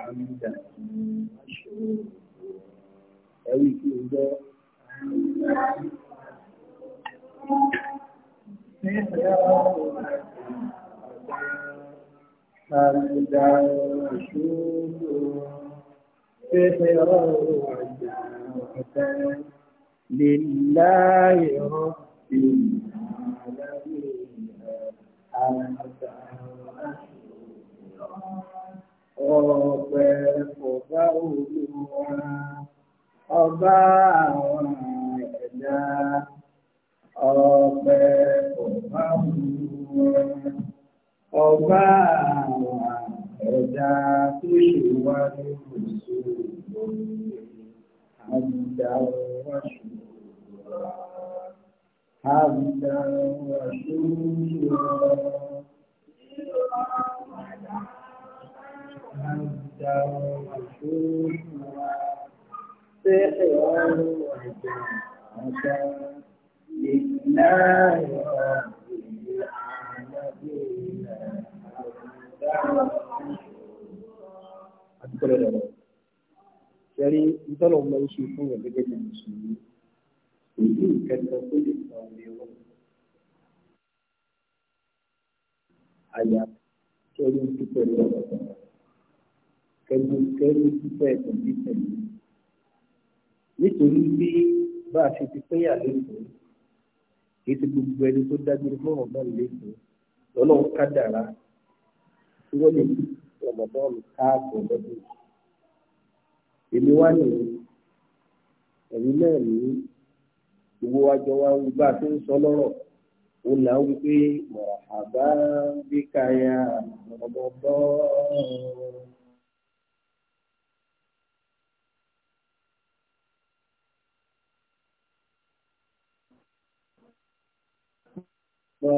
حمدا مشهورا أوي كده حمدا مشهورا سحرا وجاهدا لله رب العالمين حمدا ọ̀pẹ ọba olúwa ọba àwọn ẹ̀dá ọ̀pẹ ọba olúwa ọba àwọn ẹ̀dá tó ṣe wá ní oṣù àbùdá wa ṣùgbọ́n àbùdá wa ṣùgbọ́n. هدى وشورا ọmọ iṣu fún yẹn gẹ́gẹ́ bí mùsùlùmí èyí ìkẹta tó lè sọ ní ọ. àyà kẹrin dúpẹ́ lọ́wọ́ kẹlu kẹlu fífẹ́ ẹ̀sùn títẹ̀ nítorí bí bá a ṣe ti péyà lẹ́kọ̀ọ́ kì í ti gbogbo ẹni tó dágbére fún ọ̀gbọ́n lẹ́kọ̀ọ́ lọ́lọ́run ká dára tí wọ́n lè rọ̀mọ̀dọ́ọ̀nù káàbọ̀ lọ́dún èmi wá nìyí ẹ̀mí náà nìyí gbogbo wa wí bá a ti ń sọ lọ́rọ̀ ó là ń wípé mọ̀ràbá bí káyà rọ̀mọ̀dọ́ọ̀nù. Ibi ọpẹ́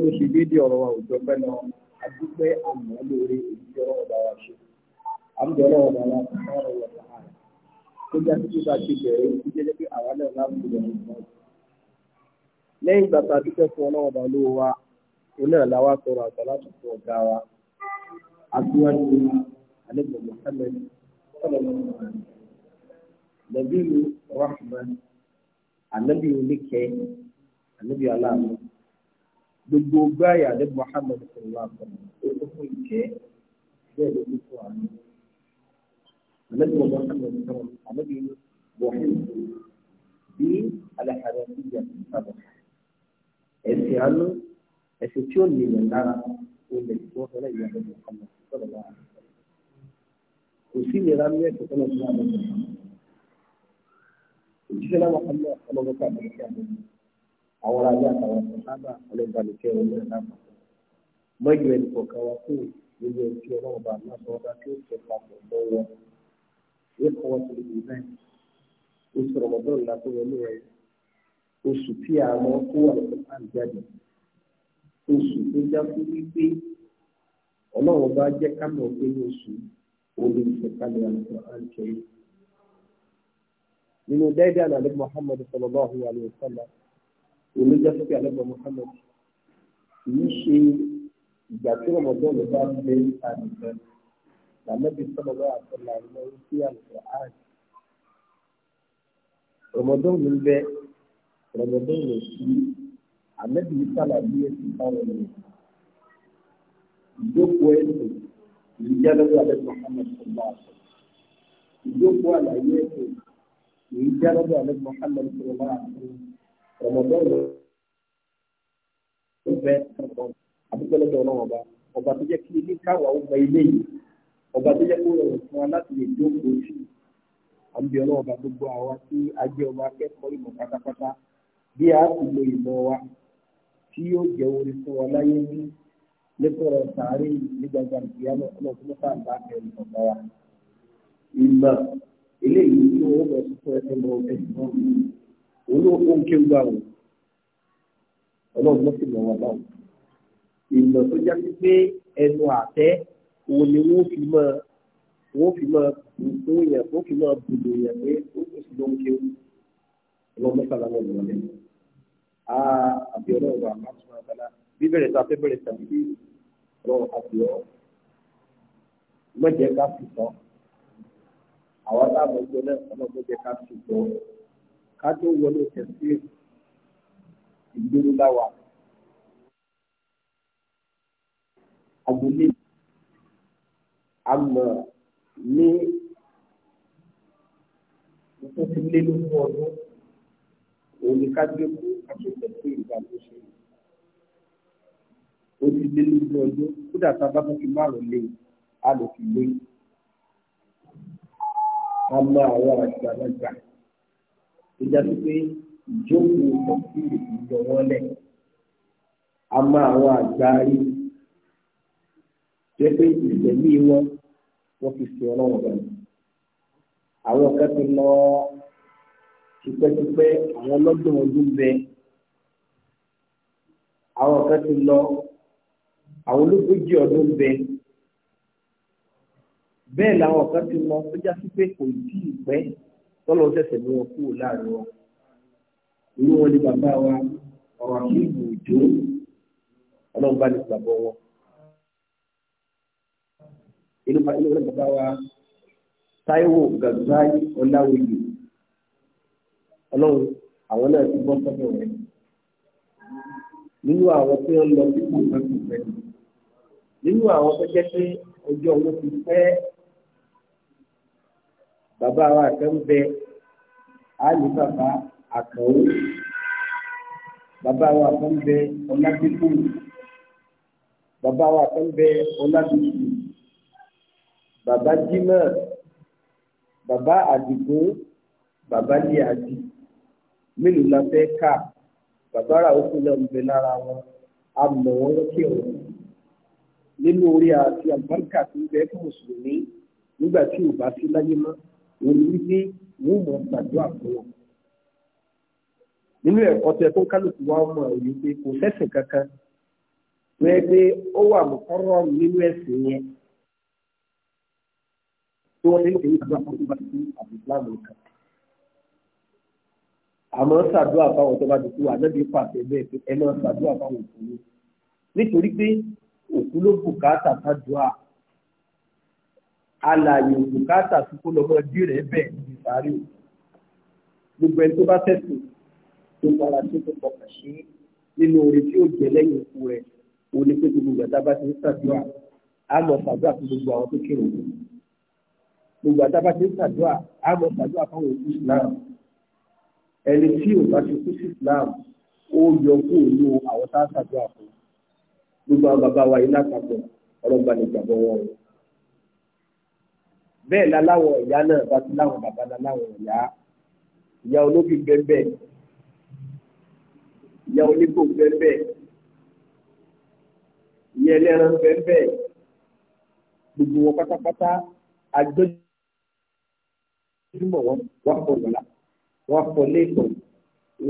ló ṣe déédé ọ̀rọ̀ wa òjò pẹ́ lọ, a dúpẹ́ àmọ́ lórí ìdí ọ̀rọ̀ ọ̀dà wa ṣe. Àmì ọ̀rọ̀ ọ̀dà wa kò ó já sí bá ti bẹ̀rẹ̀ ó jẹ́ pé àwa náà láti bẹ̀rẹ̀ nǹkan. lẹ́yìn ìgbà tá a dúpẹ́ fún ọlọ́run ọba olówó wa òun náà làwa sọ̀rọ̀ àgbà láti fún ọ̀gá wa aṣíwájú àlejò Muhammad nàbí rahman ànábì oníkẹ́ ànábì aláàánú gbogbo gbáyà àlejò Muhammad sọ̀rọ̀ àgbà ó fún ìkẹ́ bẹ́ẹ̀ ló fún àná. النبي صلى الله عليه وسلم النبي وحيد بالحنفية الصبح الفعل الستون من النار والذي وصل إلى النبي محمد صلى الله عليه وسلم وسيل رمية صلى الله عليه وسلم وجينا محمد صلى الله عليه وسلم àwọn aláàbò àwọn sábà ọlẹ́gbàlùkẹ́ olóòlàmà mọ́jú ẹnì kọ̀ọ̀kan wa kúrò nínú ẹni tí ọlọ́run bá náà sọ ọ́ dá إخوة الإيمان oṣù rọmọdún la tó wọlé rẹ oṣù tí àwọn kó àlùfáàn jáde oṣù tó já fún wípé ọlọ́run bá jẹ́ ká mọ̀ pé oṣù omi ìṣẹ̀kalẹ̀ àlùfáàn jẹ́ nínú dáadáa náà lẹ́gbọ̀n muhammad sallallahu alayhi wa sallam olójà fún àlẹ́gbọ̀n muhammad kì í ṣe ìgbà tí rọmọdún ló bá bẹ àdìgbẹ́ lànàbí sọlọ lọ àtọlà lọ sí àlùfáàn rọmọdún ń bẹ rọmọdún ń sí ànàbí sọlọ bí èsì báwọn ni ìjókòó ètò ìjẹ́ lọ́wọ́ àlẹ́ Muhammad sọlọ àtọ ìjókòó àlàyé ètò ìjẹ́ lọ́wọ́ àlẹ́ Muhammad sọlọ àtọ rọmọdún ń bẹ àbúkọ́lẹ́dọ̀ ọlọ́wọ́ ọba ọba tó jẹ́ kí ilé káwá ó gba ilé yìí ọba tó jẹ́ kó rọrùn fún wa láti lè jókòó sí àbí ọlọ́wọ́ ọba gbogbo àwa tí a jẹ́ ọba akẹ́kọ̀ọ́ ìmọ̀ pátápátá bí a ti lo ìmọ̀ wa tí yóò jẹ́ orí fún wa láyé ní lẹ́kọ̀ọ́ sàárè ní gbàgbà ìgbéyàwó ọlọ́ọ̀tún mọ́tà àgbà bẹ̀rẹ̀ ọ̀gá wa. ìmọ̀ eléyìí tí wọ́n lọ sí fún ẹsẹ̀ lọ ẹ̀sìn náà olóòkó ń kéwú àwọn ọlọ́ọ̀tún mọ́tì lọ́wọ́ báwọn. ìmọ̀ tó já sí pé ẹnu àtẹ́ òun ni wọ́n fi máa wọ́n fi máa bùkún yẹn wọ́n fi máa bùdò yẹn pé ó kò sí lóun kéwù ọlọ́run mẹ́fàlá náà lọ́wọ́ a àbí ọlọ́run wa máa tún abala bíbẹ̀rẹ̀ tó a fẹ́ bẹ̀rẹ̀ tàbí bí ọlọ́run àbí ọ mọ̀jẹ̀ ká fi tán àwọn táwọn ọgbẹ́ náà ọlọ́run mọ̀jẹ̀ ká fi tán ká tó wọlé tẹ̀sí ìgbéró láwa. agbolé àmọ́ ní tó ti lé lógún ọdún òun ni ká gbé kú àtúntò sí ìgbà tó ṣe ó ti lé lógún ọdún kódà tá a bá tó márùn lé a lè fi lé a mọ àwọn àgbàlagbà tó pé ìjókòó ọ̀sìn ìjọ a mọ àwọn àgbà yìí pé ìtẹ̀lé wọn wọ́n fi fi ọlọ́run bẹ̀rẹ̀. àwọn kan ti lọ tipẹ́tipẹ́ àwọn ọlọ́dún ọdún bẹ àwọn kan ti lọ àwọn ológójì ọdún bẹ bẹ́ẹ̀ làwọn kan ti lọ tó já sí pé kò tí ì pẹ́ tọ́lọ́ ṣẹ̀ṣẹ̀ mú wọn kúrò láàrin wọn. irú wọn ni bàbá wa ọ̀rọ̀ àti ìgbòjò ọlọ́run bá ní gbàgbọ́ wọn ìlú ìlú bàbá wa Táíwò Gàzáì Ọláwìyí Ọlọ́run àwọn náà ti bọ́ sọ́dọ̀ rẹ̀ nínú àwọn tí wọ́n lọ sí kùfẹ́kùfẹ́ nínú àwọn tó jẹ́ pé ọjọ́ wọn ti pẹ́ bàbá wa kan bẹ àlè bàbá àkànwó bàbá wa kan bẹ ọlábíkú bàbá wa kan bẹ ọlábíkú bàbá jimá bàbá àdìgún bàbá líàdì mélòó la fẹ́ kà bàbá ràókù náà ń bẹ lára wọn a mọ̀ wọ́n lókè ọ̀hún nínú orí àti àbáríkà tó ń bẹ fún mùsùlùmí nígbà tí ò bá sí láyé mọ́ òun ní wípé wọ́n mọ̀ gbàdúrà fún wọn nínú ẹ̀kọ́ tó yẹ kó kálukú wa mọ̀ òye pé kò sẹ́sìn kankan wọ́n yẹ pé ó wà mọ̀kọ́rọ́ nínú ẹ̀sìn yẹn wọ́n ní èyí tó bá tó bá ti àti islam nìkan. àmọ́ ṣàdúrà fáwọn tó bá ti kú ànábì pàṣẹ bẹ́ẹ̀ pé ẹ máa ṣàdúrà fáwọn òkú ni nítorí pé òkú ló bùkátà ṣàdúrà alàyè bùkátà tí kò lọ́mọ dí rẹ̀ bẹ́ẹ̀ ní sáré o gbogbo ẹni tó bá tẹ̀sùn tó fara sí tó fọkàn sí nínú orin tí ó jẹ lẹ́yìn òkú rẹ̀ òun ni pé gbogbo ìgbà tá a bá ti ń ṣàdúrà á lọ ṣàdúrà fún gbogbo àwọn tó kírun gbogbo àtàbà ti ń ṣàdúrà àmọ́ ṣàdúrà fáwọn òkú islam ẹni tí ò bá ti kú sí islam ó yọ kó inú àwọn tá a ṣàdúrà fún gbogbo àwọn bàbá wa yìí lápapọ̀ ọ̀rọ̀ gbalẹ̀ ìjàbọ̀ wọn o bẹ́ẹ̀ láláwọ̀ ìyá náà bá ti láwọn bàbá láláwọ̀ ìyá ìyá olóbì bẹ́ẹ̀ ìyá onígbò bẹ́ẹ̀ ìyá ẹlẹ́ran bẹ́ẹ̀ gbogbo wọn pátápátá àjọyọ̀ túbọ̀ wá pọ̀ lọ́la wá pọ̀ lẹ́kọ̀ọ́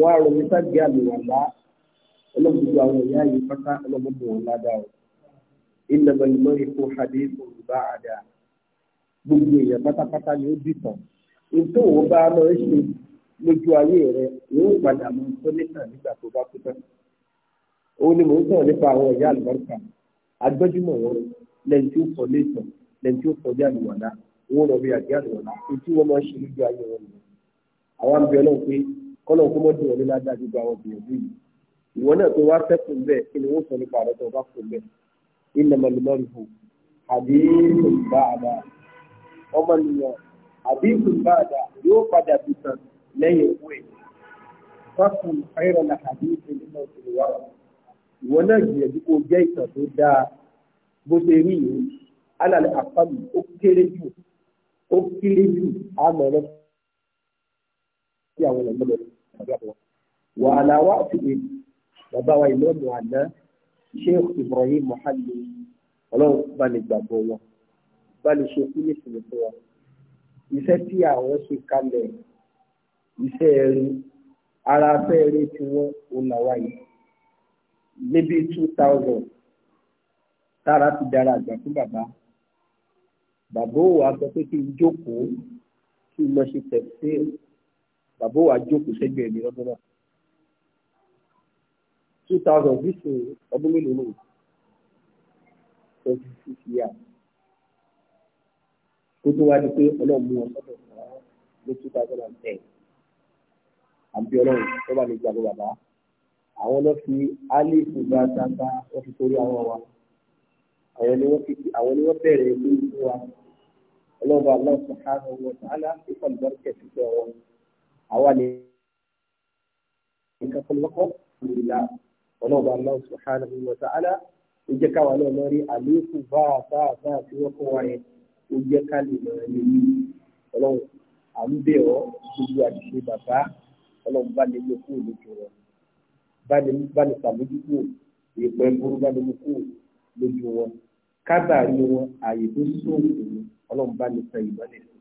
wá ronú sáàgì àlùwàlá ọlọ́run gbogbo àwọn ìyá yìí pátá ọlọ́run bò wọn ládàá o ìlànà ìmọ̀ ikú hadithu bá a dà gbogbo èèyàn pátápátá ni ó bì tán nítorí òun bá lọ ṣe lójú ayé rẹ yóò padà mú tó nìkan nígbà tó bá kú tán òun ni mò nípa àwọn ìyá àlùbáríkà agbẹ́jùmọ̀ wọn lẹ́yìn tí ó kọ́ lẹ́tọ̀ lẹ́yìn tí ó kọjá owó lọ bí àti àdùnnà etí wọn máa ń ṣe lójú ayé wọn nìyẹn àwa ń bẹ ọlọ́run pé kọ́lọ̀ kó mọ́ dùn ọ́ nílá dájú gba àwọn gbìyànjú yìí ìwọ náà tó wá sẹ́kùn bẹ́ẹ̀ kí ni wọ́n sọ nípa rẹ̀ tó bá kù bẹ́ẹ̀ ilẹ̀ mọ̀lúmọ́lùfò àbí ìbáàdà ọmọnìyàn àbí ìbáàdà yóò padà bì tán lẹ́yìn owó ẹ̀ fáfún ayọ̀lá àbí ìpínlẹ̀ òkèèrè wa ìwọ náà gbìyànjú kó jẹ́ ìtàn ó kéré jù àmọ́ ẹ̀rọ sí àwọn ọ̀nà mọ́lẹ̀ tàbí àbọ̀. wàhálà wa ti lè bàbá wa ìlọ́ọ̀nù àná Sheikh Ibrahim Muhalli ọlọ́run bá lè gbàgbọ́ wọn bá lè ṣe kú nísìnyí fún wa iṣẹ́ tí àwọn ṣe kalẹ̀ iṣẹ́ ẹ̀rí ara afẹ́ eré tí wọ́n ń là wáyé níbi two thousand tára ti dára àgbà fún bàbá bàbá òwò á sọ pé kí n jókòó kí n lọ ṣe tẹ̀sí bàbá òwò á jókòó sẹ́gbẹ̀ẹ́ mi lọ́dún náà two thousand bísí ọdún mélòó lò twenty six years kó tó wá di pé ọlọ́run mú wọn sọ́dọ̀ ní two thousand and ten àbí ọlọ́run tó bá mi gbàgbọ́ bàbá àwọn lọ fi alice gbàtàgbà wọn fi torí àwọn wa àwọn ni wọ́n fi àwọn ni wọ́n bẹ̀rẹ̀ ìlú ìlú wa ọlọ́ba Allah subhanahu wa ta'ala ìfọ̀ ìbárúkẹ̀ ti fẹ́ wọn àwa ni nǹkan fọlọ́kọ́ ìlà ọlọ́ba Allah subhanahu wa ta'ala ó jẹ́ káwa náà lọ rí àléébù bá a bá a bá a tí wọ́n wa yẹn ó jẹ́ ká lè lọ rí i ọlọ́run à ń bẹ̀ ọ́ gbogbo àṣìṣe bàbá ọlọ́run bá lè lọ kúrò lójú wọn bá lè sàmójúkúrò ìpẹ́ burú bá lè mú kúrò lójú wọn kábàárí wọn ààyè tó sóògùn ni ọlọ́run bá mi tan ìmọ́lẹ̀ sí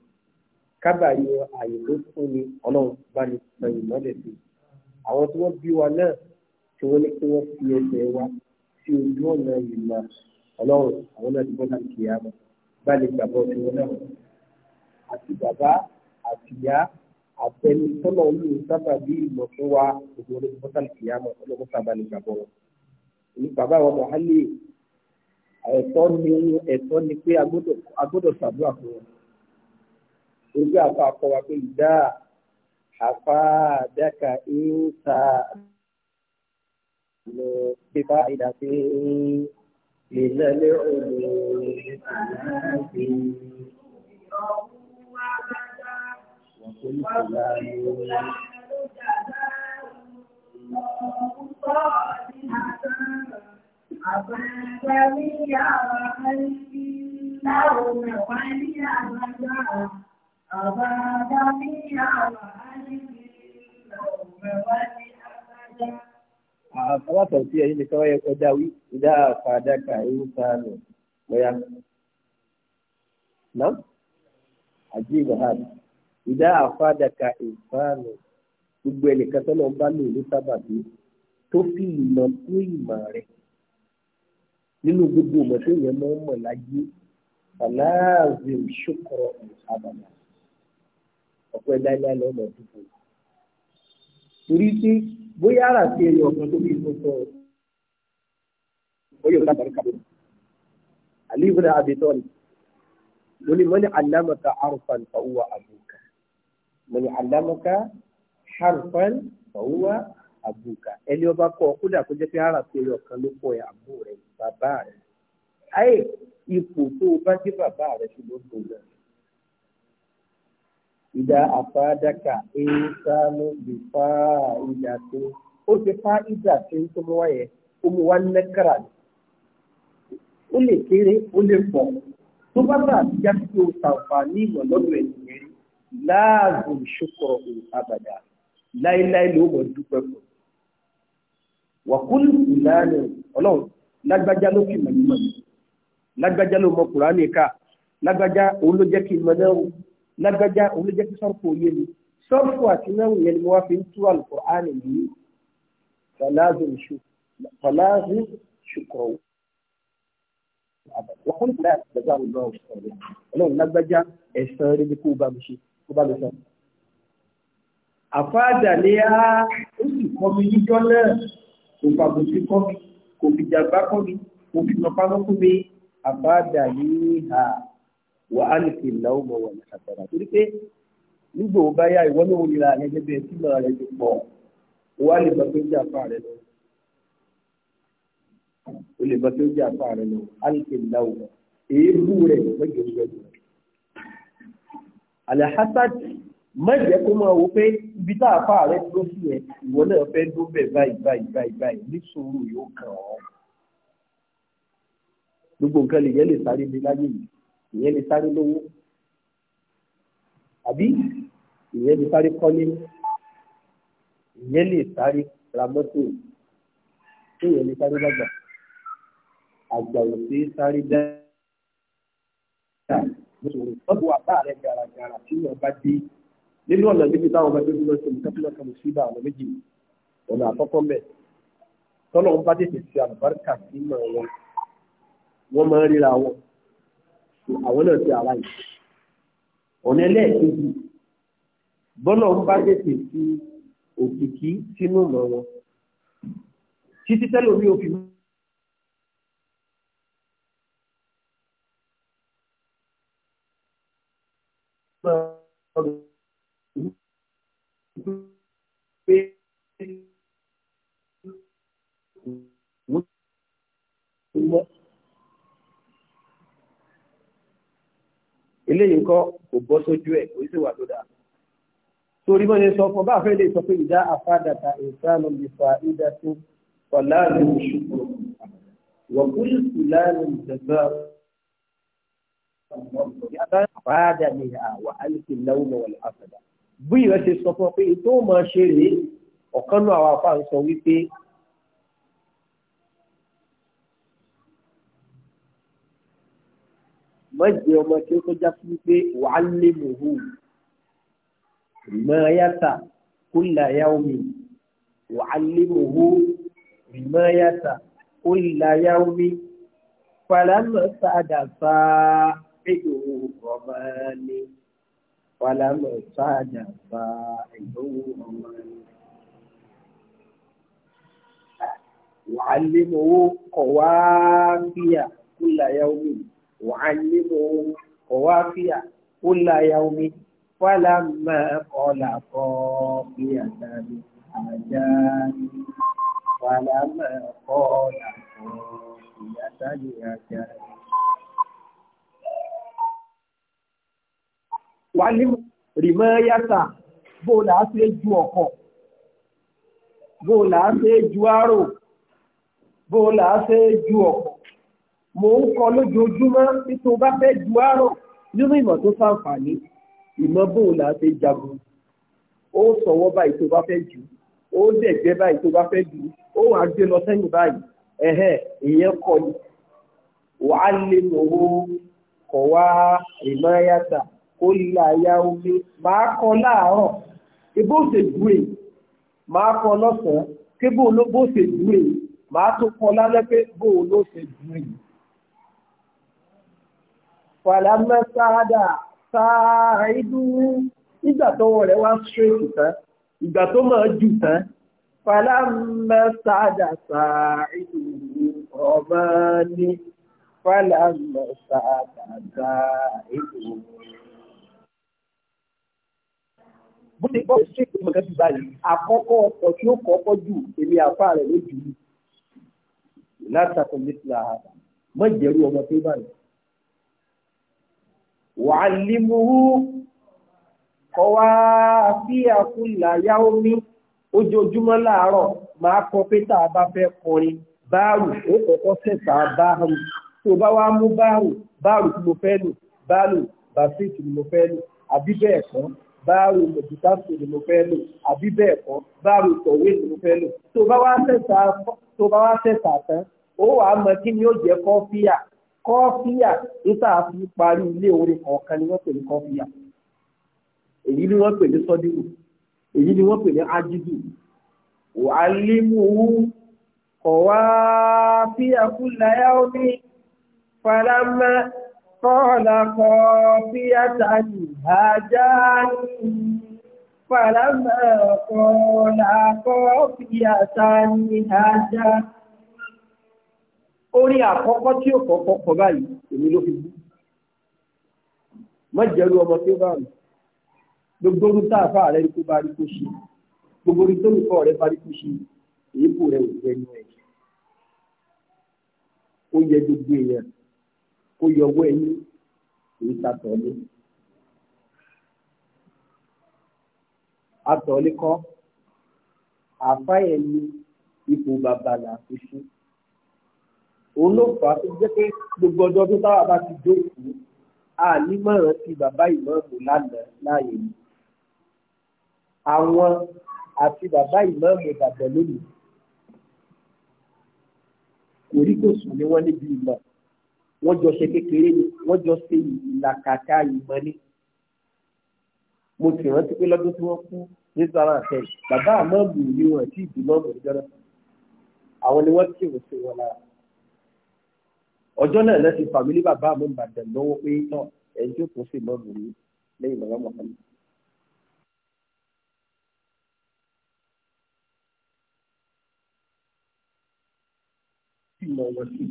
kábàárí wọn ààyè tó fún ni ọlọ́run bá mi tan ìmọ́lẹ̀ sí àwọn tí wọ́n bí wa náà tí wọ́n ní kí wọ́n fi ẹsẹ̀ wa sí ojú ọ̀nà ìmọ̀ ọlọ́run àwọn náà ti bọ́ láti kìí àmọ́ bá lè gbàgbọ́ tí wọ́n náà àti bàbá àti ìyá àtẹni tọ́lọ̀ olùwò sábà bí ìmọ̀ fún wa gbogbo olóògbé bọ́tà ọlọ́run sábà lè gbàgbọ́ wọn. bàbá wa Muhammed ẹ̀tọ́ ni ẹ̀tọ́ ni pé a gbọ́dọ̀ ṣàdúrà fún wọn orí àfa akọ wa pé ìdá àfa àdáka ìta lọ pípa ìdàpé ìlẹ́lẹ́ òòlù ìdàpé. Thank you. Àfọwọ́sọ̀ ah, tí ẹ̀yin nìkan wáyé kọjá wí, ìdá àfàdákà irú sáà nù, bóyá. Náà, àjíìgbà hàn ìdá àfádàkà ìfáànù gbogbo ẹnìkan tó lọ bá lò ní sábàbí tó fi ìmọ̀ kún ìmọ̀ rẹ̀ nínú gbogbo ọmọ tó yẹn máa ń mọ̀ láyé aláàzẹ òṣùkọ àbàmà ọ̀pọ̀ ẹ̀dá ilé alẹ́ ọmọ ìdìbò torí pé bóyá ara sí ẹyọ ọ̀kan tó bí tó sọ bóyá ọ̀gá àbáríkà bọ̀ àlẹ́ ìbúra àbẹ̀tọ́ni mo ní mọ́ni alámọ̀ta arúfan fàwọ́ àbùkà mo ní alámọ̀ta harfan fàwọ́ àbúkà ẹni ọba kọ kódà kó jẹ́ pé ara tó yọ kan ló kọ ẹ àbú rẹ bàbá rẹ ayé ipò tó o bá dé bàbá rẹ ṣùgbọ́n kò lọ. ìdá àfáàdákà ẹ̀ẹ́sánú bìfá ìdá tó ó ti fa ìdá tó ń tó mú wá yẹ ó mú wá nẹ́kàrà ó lè kéré ó lè pọ̀ tó bá bá àtijọ́ tó ṣàǹfààní ìmọ̀ lọ́dọ̀ ẹ̀yìn yẹn láàbùn ṣokọ̀ òun àbàdà láéláé ló mọ̀ dúpẹ́ fún un wàkúlù ìlànà ọlọ́run lágbájá ló fi mọ̀ nímọ̀ lágbájá ló mọ kùránì ká lágbájá òun ló jẹ́ kí n mọ náà wò lágbájá òun ló jẹ́ kí sọ́ọ̀fù òye mi sọ́ọ̀fù àti náà yẹn ni mo wá fi ń tú àlùkùránì yìí fọláàzù ṣùkọ̀ wàkúlù ìlànà ìjọba àwọn ọmọ ọ̀sán ọlọ́run lágbájá ẹ̀sán rẹ̀ ni kó bá mi ṣe kó bá mi sọ àfáàdà ni a ó sì kọ́ mi yíjọ́ náà kò fàbùsí kọ́ mi kò fìjà gbá kọ́ mi kò fìjà pamọ́ kọ́ mi àbáàdà yìí hà wà á lè fi ìlàwọ́ mọ̀ wà ní àtàrà torí pé nígbà wo bá yá ìwọ náà nira gẹ́gẹ́ bẹ́ẹ̀ tí màá rẹ ti pọ̀ wà á lè bọ́ tó jẹ́ àfa rẹ lọ o lè bọ́ tó jẹ́ àfa rẹ lọ á lè fi ìlàwọ́ èébú rẹ̀ mọ́jọ́ ìgbẹ́jọ́ mẹ́jẹ̀ kó máa wo pé ibi tá a fà rẹ dúró sí ẹ ìwọ náà fẹ́ dó bẹ̀ báyìí báyìí báyìí báyìí níṣòro yóò kàn ọ́. gbogbo nǹkan lè yẹn lè sáré lé láyé yìí ìyẹn lè sáré lówó àbí ìyẹn lè sáré kọ́lé ìyẹn lè sáré ra mọ́tò ìyẹn lè sáré lágbà àgbà ò sí sáré dáadáa nítorí tọ́jú àbá rẹ gàràgàrà tí wọ́n bá dé nínú ọ̀nà níbi táwọn ọmọdé dúró sí nǹkan tó lọ́kàn sí ibà ọ̀nà méjì ọ̀nà àkọ́kọ́ mẹ́ tọ́lọ̀ ń bá tètè fi àlùbáríkà sí mọ̀ wọn wọ́n máa ń ríra wọn àwọn náà ti ara yìí ọ̀nà ẹlẹ́ẹ̀kejì bọ́lọ̀ ń bá tètè fi òkìkí sínú mọ̀ wọn títí tẹ́lómi òfin mọ́. eléyìí kọ́ kò bọ́ sójú ẹ̀ kò sì wà tó dáa torí wọ́n lè sọ fún bá fẹ́ lè sọ pé ìdá àfádàtà ìsánú lè fa ìdá tó fọláàlú ìṣùkú wọ̀kúlù fúláàlú ìjọba àfádà ní àwà àlùkì lọ́wọ́ wọlé àfádà bí ìrẹsì sọ fún ọ pé ètò ò máa ṣe rèé ọ̀kan náà àwọn afáà ń sọ wípé má jẹ́ ọmọ tí ó kọjá sí pé wàá lé mòhù rìmáyàtà kúlà yáwmi wàá lé mòhù rìmáyàtà kúlà yáwmi fàlámà sáadà sáà ẹ̀yọ̀ rọ̀mánì fàlámà sáadà sáà ẹ̀yọ̀ rọ̀mánì. wàá lé mòhù kọ̀wá fìyà kúlà yáwmi. وعلمه قوافيا كل يوم فلما قال قافية للحجاني فلما قال قافية للحجاني wàlímù rìmọ́yàtà bó la ṣe ju ọ̀kọ̀ bó la ṣe ju àrò bó la ṣe ju ọ̀kọ̀ mò ń kọ lójoojúmọ́ nítorí bá fẹ́ ju àárọ̀ nínú ìmọ̀ tó sàǹfààní ìmọ̀ bóun là á ṣe jagun ó sọ̀wọ́ báyìí tó bá fẹ́ jù ó dẹ̀gbẹ́ báyìí tó bá fẹ́ jù ó wàá gbé lọ sẹ́yìn báyìí ẹ̀hẹ́ ìyẹn kọ́ ni wàá lè lọ́wọ́ kọ̀ wá ìmọ̀yàtà kó lílà ya omi máa kọ́ láàárọ̀ ebó ṣe jù èyí máa kọ́ lọ́sàn-án kébó ló bó ṣe jù èyí máa tó kọ́ lálẹ́ pé bó ló ṣe jù èyí fàlámẹ́ sáádà sáà ìdú nígbà tọwọ́ rẹ̀ wá straight tán ìgbà tó máa jù tán fàlámẹ́ sáádà sáà ìdú ọmọ ní fàlámẹ́ sáádà sáà ìdú. bó ti kọ́ straight tó mọ̀kẹ́ ti báyìí àkọ́kọ́ ọkọ̀ tí ó kọ́kọ́ jù èmi àfa rẹ̀ lójú látàkùn nípa mọ̀jẹ̀rú ọmọ tó báyìí wàálímùú kọwa sí àkúlà yaomi ojoojúmọ́ láàárọ̀ máa kọ pé tá a bá fẹ́ kọrin báàrù ó kọ́kọ́ sẹ̀sà báàrù tó bá wá mú báàrù báàrù tí mo fẹ́ lò báàrù bàṣíìkì ni mo fẹ́ lò àbí bẹ́ẹ̀ kọ́ báàrù mọ̀tìtàṣì ni mo fẹ́ lò àbí bẹ́ẹ̀ kọ́ báàrù tọ̀wé ni mo fẹ́ lò tó bá wá sẹ̀sà tán ó wàá mọ kí ni ó jẹ́ kọ́fíà kọ́fíà níta fi parí ilé orin kọ̀ọ̀kan ni wọ́n pè ní kọ́fíà èyí ni wọ́n pè ní sọ́díkù èyí ni wọ́n pè ní ájídù wàálímùú kọ̀wá fíà kúláyà omi falamá kọ́ọ̀lá kọ́fíà tani àjáàní falamá kọ́ọ̀lá kọ́fíà tani àjáàní orin àkọ́kọ́ tí ó kọ́kọ́ kọ báyìí èmi ló fi bú mọ́jẹ̀rú ọmọ tí ó bá rí gbogbo orí tá a fà rẹ kó bá rí kó ṣe gbogbo orí tó nìkọ́ rẹ bá rí kó ṣe èébù rẹ ò fẹ́ nu ẹ̀ ó yẹ gbogbo èèyàn kó yọ ọwọ́ ẹ̀yìn èyí ta tọ̀ọ́lé atọ̀ọ́lé kọ́ àfáyẹ̀ ni ipò bàbá là fi fún òun ló fà á tó jẹ́ pé gbogbo ọjọ́ tó táwa bá ti jókòó a nímọ̀ràn ti bàbá ìmáàmù lánàá láàyè mi àwọn àti bàbá ìmáàmù dàbọ̀ lónìí kò rí kò sùn ní wọ́n níbi ìmọ̀ wọ́n jọ ṣe kékeré ni wọ́n jọ ṣe ìlàkàkà ìmọ̀ ni mo sì rántí pé lọ́dún tí wọ́n kú ní sara àtẹ bàbá àmọ́ mi ò ní wọn àti ìdìmọ́ àwọn ni wọ́n kí òun ṣe wọn lára ọjọ́ náà lẹ́sìn fàmílì bàbá mi bàdàn lọ́wọ́ pé tán ẹni tó kún sí lọ́ọ̀bù mi lẹ́yìn bàbá Muhammad. ìmọ̀ wọn sí.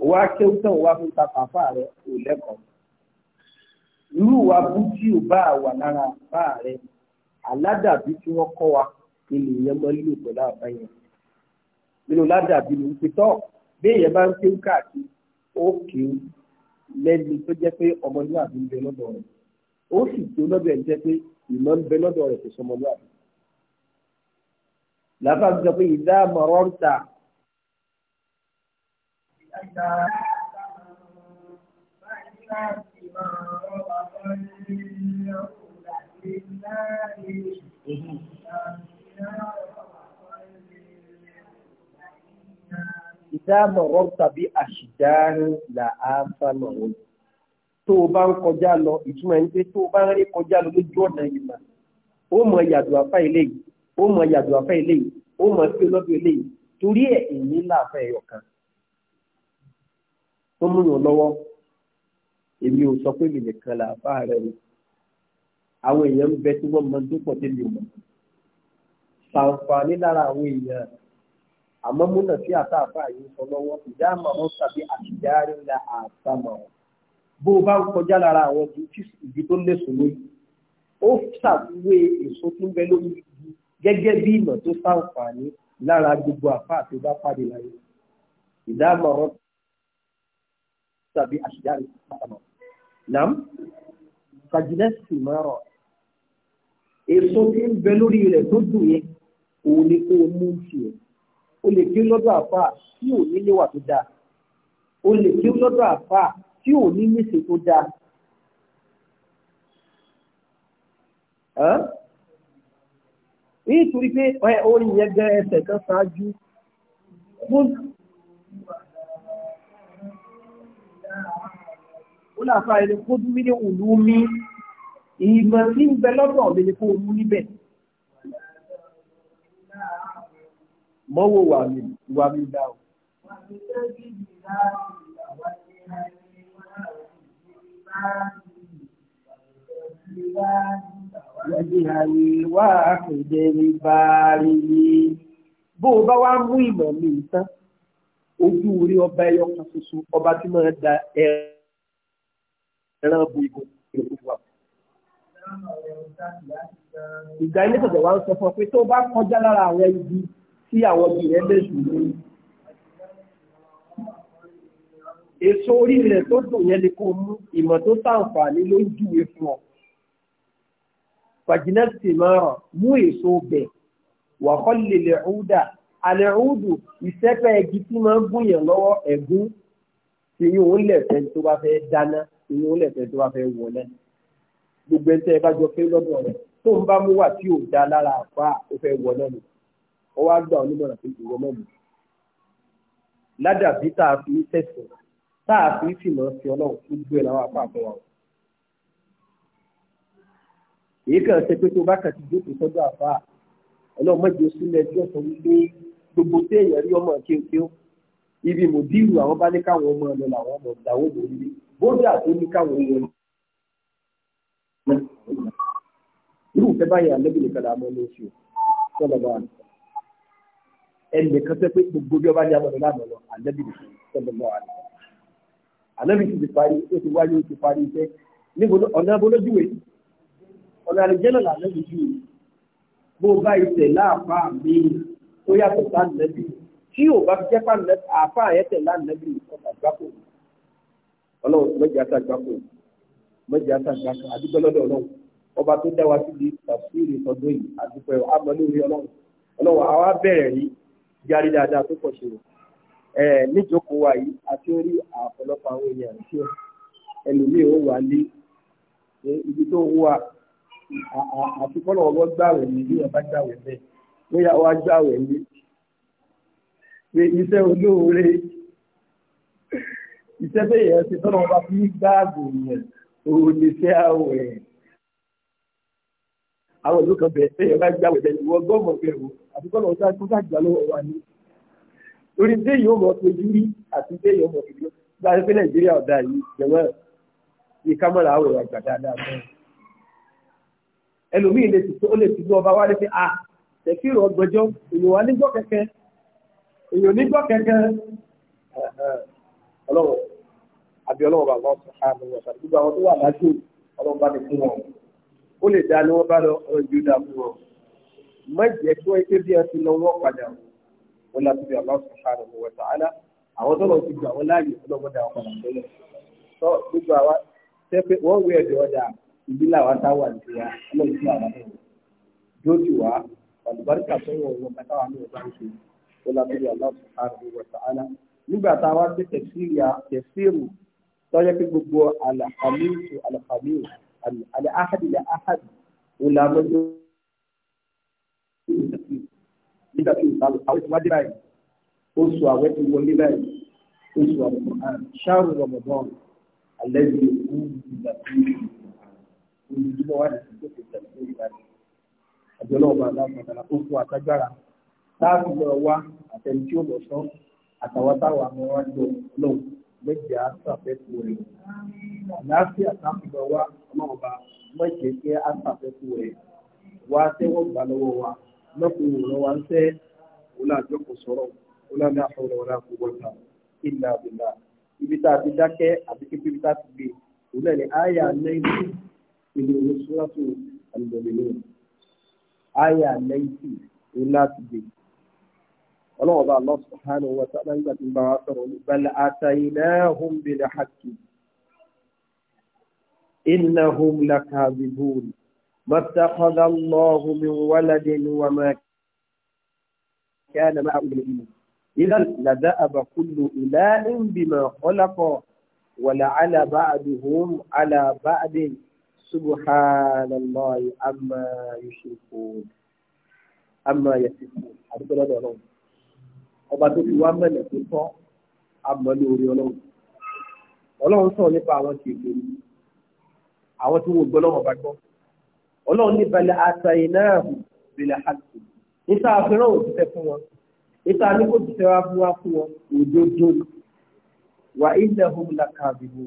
Òwò akéwù tán wá fún tapàfà rẹ̀ kò lẹ́kọ̀ọ́. Irú wa bú tí ò bá wà lára àfà rẹ̀ aládàbí tí wọ́n kọ́ wa ilé yẹn mọ́ lílò pẹ̀lú àbáyẹn. Nínú ládàbí ni wípé tọ́ béèyàn bá ń kéwú káàkiri ó kéwú lẹ́ni tó jẹ́ pé ọmọlúwàbí ń bẹ lọ́dọ̀ rẹ̀ ó sì tó lọ́dọ̀ ẹ̀ jẹ́ pé ìmọ̀ ń bẹ lọ́dọ̀ rẹ̀ kò ọmọlúwàbí. làbá ń sọ pé ìdá mọ̀rọ́ ń ta. Mm-hmm. ìdáàmọ̀ rọ́n tàbí àṣìdáàrín là á fámọ̀ wọn. tó o bá ń kọjá lọ ìtumọ̀ ẹni pé tó o bá ń rí kọjá lọ lójú ọ̀nà ìmọ̀ ó mọ yàdù afá eléyìí ó mọ yàdù afá eléyìí ó mọ sí olóbi eléyìí torí ẹ̀ èmi láàfẹ́ ẹ̀yọ̀ kan tó mú yàn lọ́wọ́ èmi ò sọ pé mi nìkan làbá rẹ̀ ni àwọn èèyàn ń bẹ tí wọ́n mọ tó tẹ́lẹ̀ mọ́ ṣàǹfààní lára àwọn èèyàn àmọ́ múnà sí àtàfà yìí sọ lọ́wọ́ ìdáàmà wọn tàbí àṣìjáre ńlá àtàmà wọn. bó o bá ń kọjá lára àwọn ibi tó lẹ́sùn lóyún ó ṣàfiwé èso tó ń bẹ lórí igi gẹ́gẹ́ bí ìmọ̀ tó ṣàǹfààní lára gbogbo àfa àti bá pàdé láyé ìdáàmà tàbí àṣìjáre àtàmà wọn. nam kàjínẹ́sì márùn èso tí ń bẹ lórí rẹ̀ tó dùn yẹn òun ni kó o mú tiẹ̀ o lè kí lọ́dọ̀ àfà tí ò ní léwà tó dáa o lè kí lọ́dọ̀ àfà tí ò ní mèsè tó dáa. nítorí pé orin yẹn gan ẹsẹ̀ kan ṣáájú ó láfa ẹni kó dúmí ní ìmọ̀ tí ń bẹ lọ́dọ̀ mi ni kó o mú níbẹ̀. mọ́wọ́ wà mí ìwà mi dá o. Wàjíhàrí Bó o bá wá mú ìmọ̀ mi tán, ojú orí ọba ẹyọ kan ṣoṣo, ọba tí máa da ẹran bu igun ìròyìn Ìgbà ilé tọ̀dọ̀ wa ń sọ fún ọ pé tó bá kọjá lára àwọn ibi tí àwọn bí rẹ̀ lè jù lórí. Èso orí rẹ̀ tó dùn yẹn lè kó mú ìmọ̀ tó sàǹfààní ló ń júwe fún ọ. Fàjínẹ́sì máa hàn mú èso bẹ̀. Wàhọ́lẹ̀ lè ọ̀dà. Àlẹ́ ọ̀dù ìsẹ́pẹ̀ ẹgi tí máa ń gún yàn lọ́wọ́ ẹ̀gún. Ìyún òun lẹ̀ fẹ́ tó bá fẹ́ dáná. Ìyún òun lẹ̀ fẹ́ tó bá fẹ́ wọlé. Gbogbo ẹ̀ ẹ bá jọ pé lọ́dọ̀ rẹ̀ tó ń bá mú wà tí ò dá lára àpá ó fẹ́ wọlé ni ó wá gbà onímọ̀ràn pé ìwọ mọ̀mọ́ ládàbí tá a fi tẹ̀sán tá a fi fìmọ̀ sí ọlọ́run gbogbo ẹ̀ láwọn apá àtọwà o èyí kan ṣe pé tó bá kàn ti jókòó sọ́dọ̀ àfáà ọlọ́run mọ̀jọ sílẹ̀ ẹjọ́ sọ wípé gbogbo téèyàn rí ọmọ kéékèé ibi mòdìrú àwọn bá ní káwọn ọmọ ọlọ làwọn ọmọ ìdáwó ló ń lé bóńdà tó ní káwọn ọmọ ọlọ. irú ìfẹ́ báyìí àlẹ́bí nìkan làwọn ọmọ ọlọ́ọ̀ṣù sọ́dọ̀ báyìí ẹnìkan tẹ́ pé gbogbo bí ọba ní amọ̀ nílá àmọ̀ lọ àlẹ́bí ti sọ̀rọ̀ lọ́wọ́ àlẹ́ àlẹ́bí ti parí ó ti wáyé ó ti parí iṣẹ́ níbo ọ̀nà abolójúwe ọ̀nà àlùjẹ́nà làlẹ́bí ju bó bá ìtẹ̀ láàfà mi tó yàtọ̀ sáàlẹ́bí tí ò bá fi jẹ́ àfà ayẹ́tẹ̀ láàlẹ́bí ọ̀tà gbáko ọlọ́run mẹ́jì àtàgbáko mẹ́jì àtàgbáko àdúgbò lọ́dọ̀ ọlọ́run ọba tó dá wa sí di tàbí ìrìn tọdún yìí àdúgbò àmọ́ ní orí ọlọ́run ọlọ́run àwa bẹ̀rẹ̀ yìí járí dáadáa tó pọ̀ ṣe o níjókòó wa yìí àti orí àpọ̀lọpọ̀ àwọn èèyàn àti ẹlòmíì ó wà lé ibi tó wà àti kọ́lọ̀ ọgbọ́n gbàwẹ̀ ní bí wọ́n bá gbàwẹ̀ bẹ́ẹ̀ bóyá wọ́n á gbàwẹ̀ ní pé iṣẹ́ olóore iṣẹ́ bẹ́ẹ̀ yẹn ti tọ́nà wọn bá fi yẹn òun iṣẹ́ àwẹ̀ àwọn ìlú bẹ̀ẹ́ bẹ́ẹ̀ yẹn bá gbàwẹ̀ bẹ́ẹ̀ wọ́n gbọ́ mọ̀ pé òun àti kọ́ lọ́ọ́ sáà tó sàgbà lọ́wọ́ wa ni orí dé yìí ó mọ̀ pé júrí àti dé yìí ó mọ̀ fìdí bá a ṣe pé nàìjíríà ọ̀dà yìí jẹ̀wọ́ ní kámọ́ra àwòrán àgbà dáadáa bẹ́ẹ̀ ẹlòmíì lè ti ó lè ti gbọ́ ọba wálé pé a tẹ̀kírò ọgbọ́jọ́ èèyàn wà nígbọ́ kẹ̀kẹ́ èèyàn nígbọ́ kẹ̀kẹ́ ọlọ́wọ́ àbí ọlọ́wọ́ bàbá ọ̀sán àmì ọ̀sán gbogbo àwọn tó wà lájú ọlọ́wọ́ bá ní fún wọn ó lè dá ni wọ́n bá lọ ọ̀rọ̀ ìjọ dá fún wọn má jẹ́ kí wọ́n ṣe bí ẹ ti lọ wọ́ padà wọn láti bí Allah subhanahu wa ta'ala àwọn tó lọ ti gbà wọn láàyè tó lọ́gbọ́n dà wọn padà sílẹ̀ tó gbogbo àwa tẹ́pẹ́ wọ́n wí ẹ̀dẹ̀ ọjà ìdílé àwa táwa ti ya ọlọ́run sí àwa náà yóò ti wá àlùbáríkà tó wọ̀ wọn kátà wà ní ọ̀gá ìṣe wọn láti bí Allah subhanahu wa ta'ala nígbà tá a wá gbé tẹ̀síìrù tọ́jọ́ pé gbogbo alàkàmíìsù alàkàmíìsù alàhàdì alàhàdì nígbà tí ìsàlù àwọn ìwádìí báyìí oṣù àwẹ̀ ti wọlé báyìí oṣù àwọn ṣáàrù rọmọdán alẹ́ yìí kú ìgbà tí olùdíjọ́ wà ní ìdókòwò tẹ̀lé ìbàdàn àjọlọ́ ọba aláàbọ̀dàlà oṣù àtagbára táàbù lọ wá àtẹni tí ó lọ sọ àtàwọn táwọn àwọn wa jọ lọ méjì á sàfẹ́kù rẹ̀ àlàáfíà táàbù lọ wá ọlọ́ọ̀ba mọ̀jẹ̀ kí á sàfẹ́kù rẹ̀ wá tẹ́wọ́ gbà lọ́wọ́ wa lọ́kùn òrò wa ń fẹ́ òun àjọkọ̀ sọ̀rọ̀ òun àná àfọwọ́rọ̀ wọn àpò wọ́ta ìlà àbìlà ibi tá a ti dákẹ́ àti kí ibi tá a ti gbé òun náà ni àyà nẹ́ẹ̀tì ìlú ìlú sọ́ràtù àlùbọ̀lẹ̀lẹ̀ àyà nẹ́ẹ̀tì òun láti gbé ọlọ́wọ́ bá Allah subhanahu wa ta'ala nígbà tí bá wa sọ̀rọ̀ bal ataynahum bil haqqi innahum lakadibun ما اتخذ الله من ولد وما كان معه من إله إذا لذأب كل إله بما خلق ولعل بعضهم على بعض سبحان الله عما يشركون عما يصفون àdúgbò lọ́dọ̀ ọlọ́run ọba tó fi wá mẹ́lẹ̀ tó tọ́ àmọ́ lórí ọlọ́run ọlọ́run sọ̀rọ̀ nípa àwọn kèfèrí àwọn tí wọ́n gbọ́ lọ́wọ́ bá gbọ́ ọlọ́run ní balẹ̀ àtàyìnáàbù bìlẹ̀ àti níta àfihàn òṣìṣẹ́ fún wọn níta ní kò ti tẹ́wà fún wa fún wọn òdodo wà ilẹ̀ hùm làkàbìbò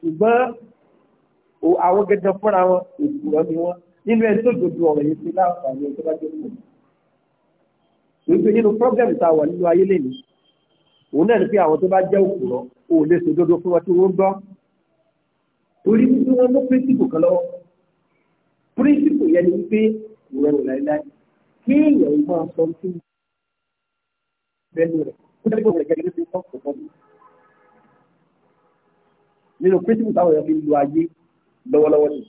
ṣùgbọ́n àwọn gẹ́gẹ́ fúnra wọn òkúrọ̀ ni wọn nínú ẹni tó dodo ọ̀rọ̀ yìí fi láǹfààní ẹni tó bá jẹ́ fún un wípé nínú pọ́gẹ́mù tá a wà nínú ayé lẹ́nu òun náà ni pé àwọn tó bá jẹ́ òkúrọ̀ òun lè ṣòdodo fún wọn tí wọ́n gbọ́ torí wípé wọ́n mú píríncípù kan lọ́wọ́ pírísìpù yẹn ni wípé ìwẹ̀rù láíláí kí èèyàn máa sọ sí bẹ́ẹ̀ni rẹ̀ kó tẹ́lẹ̀ gbọ́dọ̀ gẹ́gẹ́ bí wọ́n kò tọ́jú. nínú pírísìpù táwọn èèyàn fi lu ayé lọ́wọ́lọ́wọ́ ni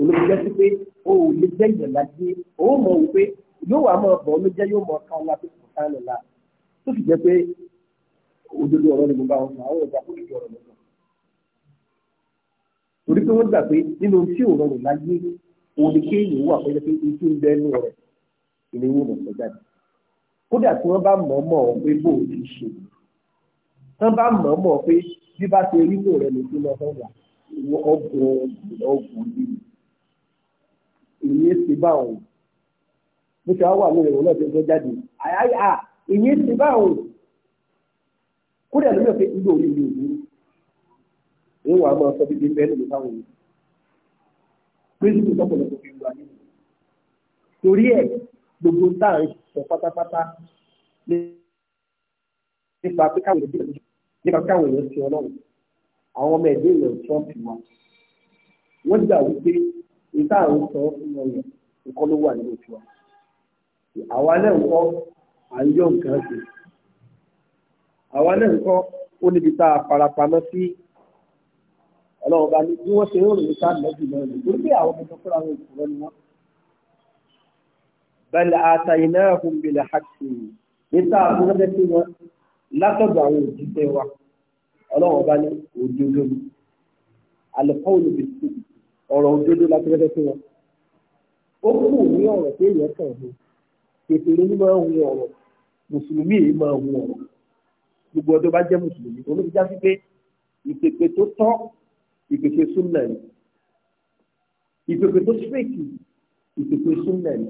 olùdíjẹ́ sí pé o ò lè jẹ́ ìyẹn láyé o ò mọ̀ wípé yóò wá mọ̀ bọ̀ ló jẹ́ yóò mọ̀ ká ńlá tó kò ká ńlá tó sì jẹ́ pé òdodo ọ̀rọ̀ ni mo bá wọn sọ àwọn ọ̀dà kò dodo ọ̀rọ̀ lọ torí pé wọ́n gbà pé nínú tí ò rọrùn láyé òun ni kéèyàn wà pé pé ikú ń bẹ́nu rẹ̀ ìní wò mọ̀ sọ́jáde kódà tí wọ́n bá mọ̀ mọ̀ ọ́ pé bó o ti ṣe tán bá mọ̀ mọ̀ pé bí bá ṣe rí rẹ̀ ló fi lọ́ọ́ wà ọgbọ̀n ọgbọ̀n yìí ìyẹn ti bá òun bó ṣe wá wà lórí ìwọ̀n náà tó ń jáde ìyẹn ti bá òun kódà lórí ọ̀pẹ ìlú òun ni òun èyí wàá máa sọ bíbí bẹ́ẹ̀ lè fáwọn yìí pírísìpù sọ́pọ̀lọpọ̀ fi wà nínú torí ẹ̀ gbogbo tá à ń sọ pátápátá nípa pé káwọn èèyàn nípa pé káwọn èèyàn ti ọlọ́run àwọn ọmọ ẹ̀dẹ́ èèyàn trump wa wọ́n gbà wípé ìta àwọn sọ fún wọn nǹkan ló wà nínú tiwa àwa náà ń à ń yọ nǹkan ṣe àwa náà ń ó níbi tá a farapamọ́ sí. Si, ọlọ́run bá ní bí wọ́n ṣe ń rìn ká lẹ́bí náà lè lórí àwọn ọmọ fúnra wọn ìṣòro ni wọ́n. bẹ́ẹ̀ni àtàyìnà ẹ̀hún bìlẹ̀ hàkì níta àbúrẹ́dẹ́ sí wọn látọ̀dọ̀ àwọn òjíṣẹ́ wa ọlọ́run bá ní òdodo alùpàwọ̀lù bìtì ọ̀rọ̀ òdodo látọ̀dọ̀ sí wọn. ó kù ní ọ̀rọ̀ tí èèyàn kàn ní kékeré ní máa ń hun ọ̀rọ̀ mùsùlùmí yìí máa hun ọ̀rọ̀ gbogbo ọdún bá jẹ́ mùsùlùmí olóbi sí pé ìpèpè tó tọ́ ìpèpè súnà ni ìpèpè tó ṣèkì ìpèpè súnà ni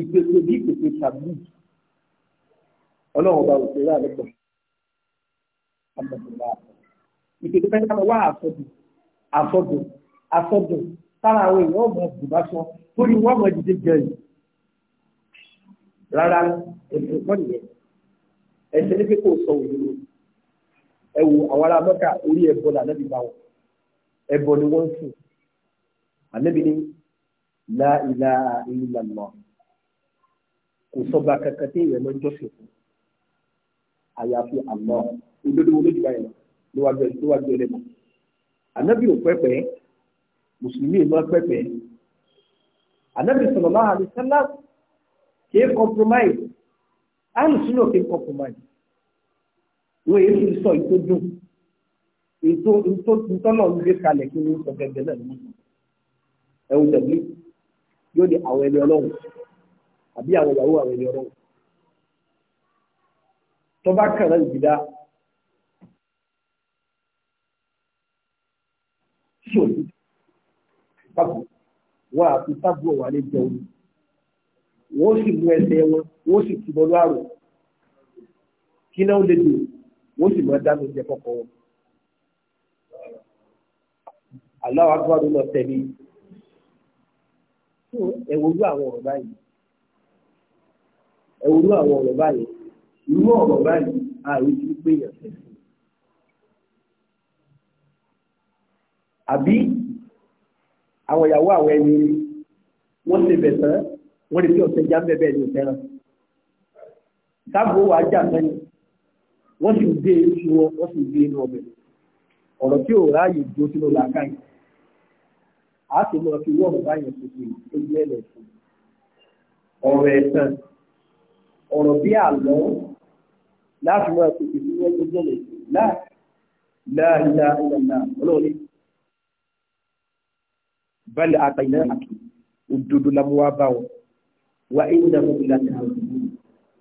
ìpèpè bí ìpèpè tàbí ọlọ́run ọba òṣèré àlẹ́kọ̀ọ́ àmọ̀tòlá ìpèpè pẹ́ńtà wà àfọ̀dù àfọ̀dù àfọ̀dù sára àwọn èèyàn ọmọ bùbáṣọ torí wọn mọ jíjẹ jẹ yìí rárá ẹsẹ kọ nìyẹn ẹsẹ ní pé kò sọ òdodo ẹ wo àwọn ará mọ́kà orí ẹ̀ bọ́lá lẹ́bi bá wọn ẹbọ ni wọ́n ń sìn àlẹ́bí ni la ilaha illallah kò sọba kankan tí ìyẹn máa ń jọ́sìn fún àyàfi Allah olódò olódì báyìí ló wá gbé ẹlẹ́mọ ànábì ò pẹ́pẹ́ mùsùlùmí ìlú pẹ́pẹ́ ànábì sallallahu alaihi wasallam kìí compromise àlùsùn náà kìí compromise wọ́n èyí fi sọ ìtọ́jú ètò ìtọ́nà ń gbé kalẹ̀ kí ló ń sọ gẹ́gẹ́ náà nínú ẹ̀wù tẹ̀lé yóò ní àwọn ẹni ọlọ́run àbí àwọn ìyàwó àwọn ẹni ọlọ́run tọ́ba kàrà ìgbìdá ṣò pàpọ̀ wọn àti sábúrò wà ní jẹun wọ́n sì mú ẹsẹ̀ wọn wọ́n sì tìbọ̀lú àrùn kí náà lè dùn wọ́n sì mọ̀ dáná jẹ kọ́kọ́ wọn aláwọ̀ agbára lọ tẹ̀lé ẹ̀wòrú àwọn ọ̀rọ̀ báyìí ẹ̀wòrú àwọn ọ̀rọ̀ báyìí irú ọ̀rọ̀ báyìí àrùn tí pé èèyàn tẹ̀sí. àbí àwọn ìyàwó àwọn ẹni wọ́n ṣe bẹ̀tán wọ́n lè fi ọ̀sẹ̀ já bẹ́ẹ̀ ní ìfẹ́ràn. sábò wà á jà sẹ́yìn wọ́n sì dé iṣu wọn wọ́n sì dé inú ọbẹ̀ ọ̀rọ̀ tí ò ráàyè dúró sínú làákàyè a sì mọ̀ fi wọ́n báyẹn tuntun ojú ẹ̀ lẹ́sìn ọ̀rọ̀ ẹ̀sán ọ̀rọ̀ bí àlọ́ láti mọ̀ tuntun ojú ẹ̀ lójú ẹ̀ lẹ́sìn láti láàrínlá ìlànà ọlọ́ọ̀lẹ́ bẹ́ẹ̀ àtàyìnà àti òdodo lamuwa bá wọn wà ẹ̀yìn náà mọ̀ láti àwọn ìlú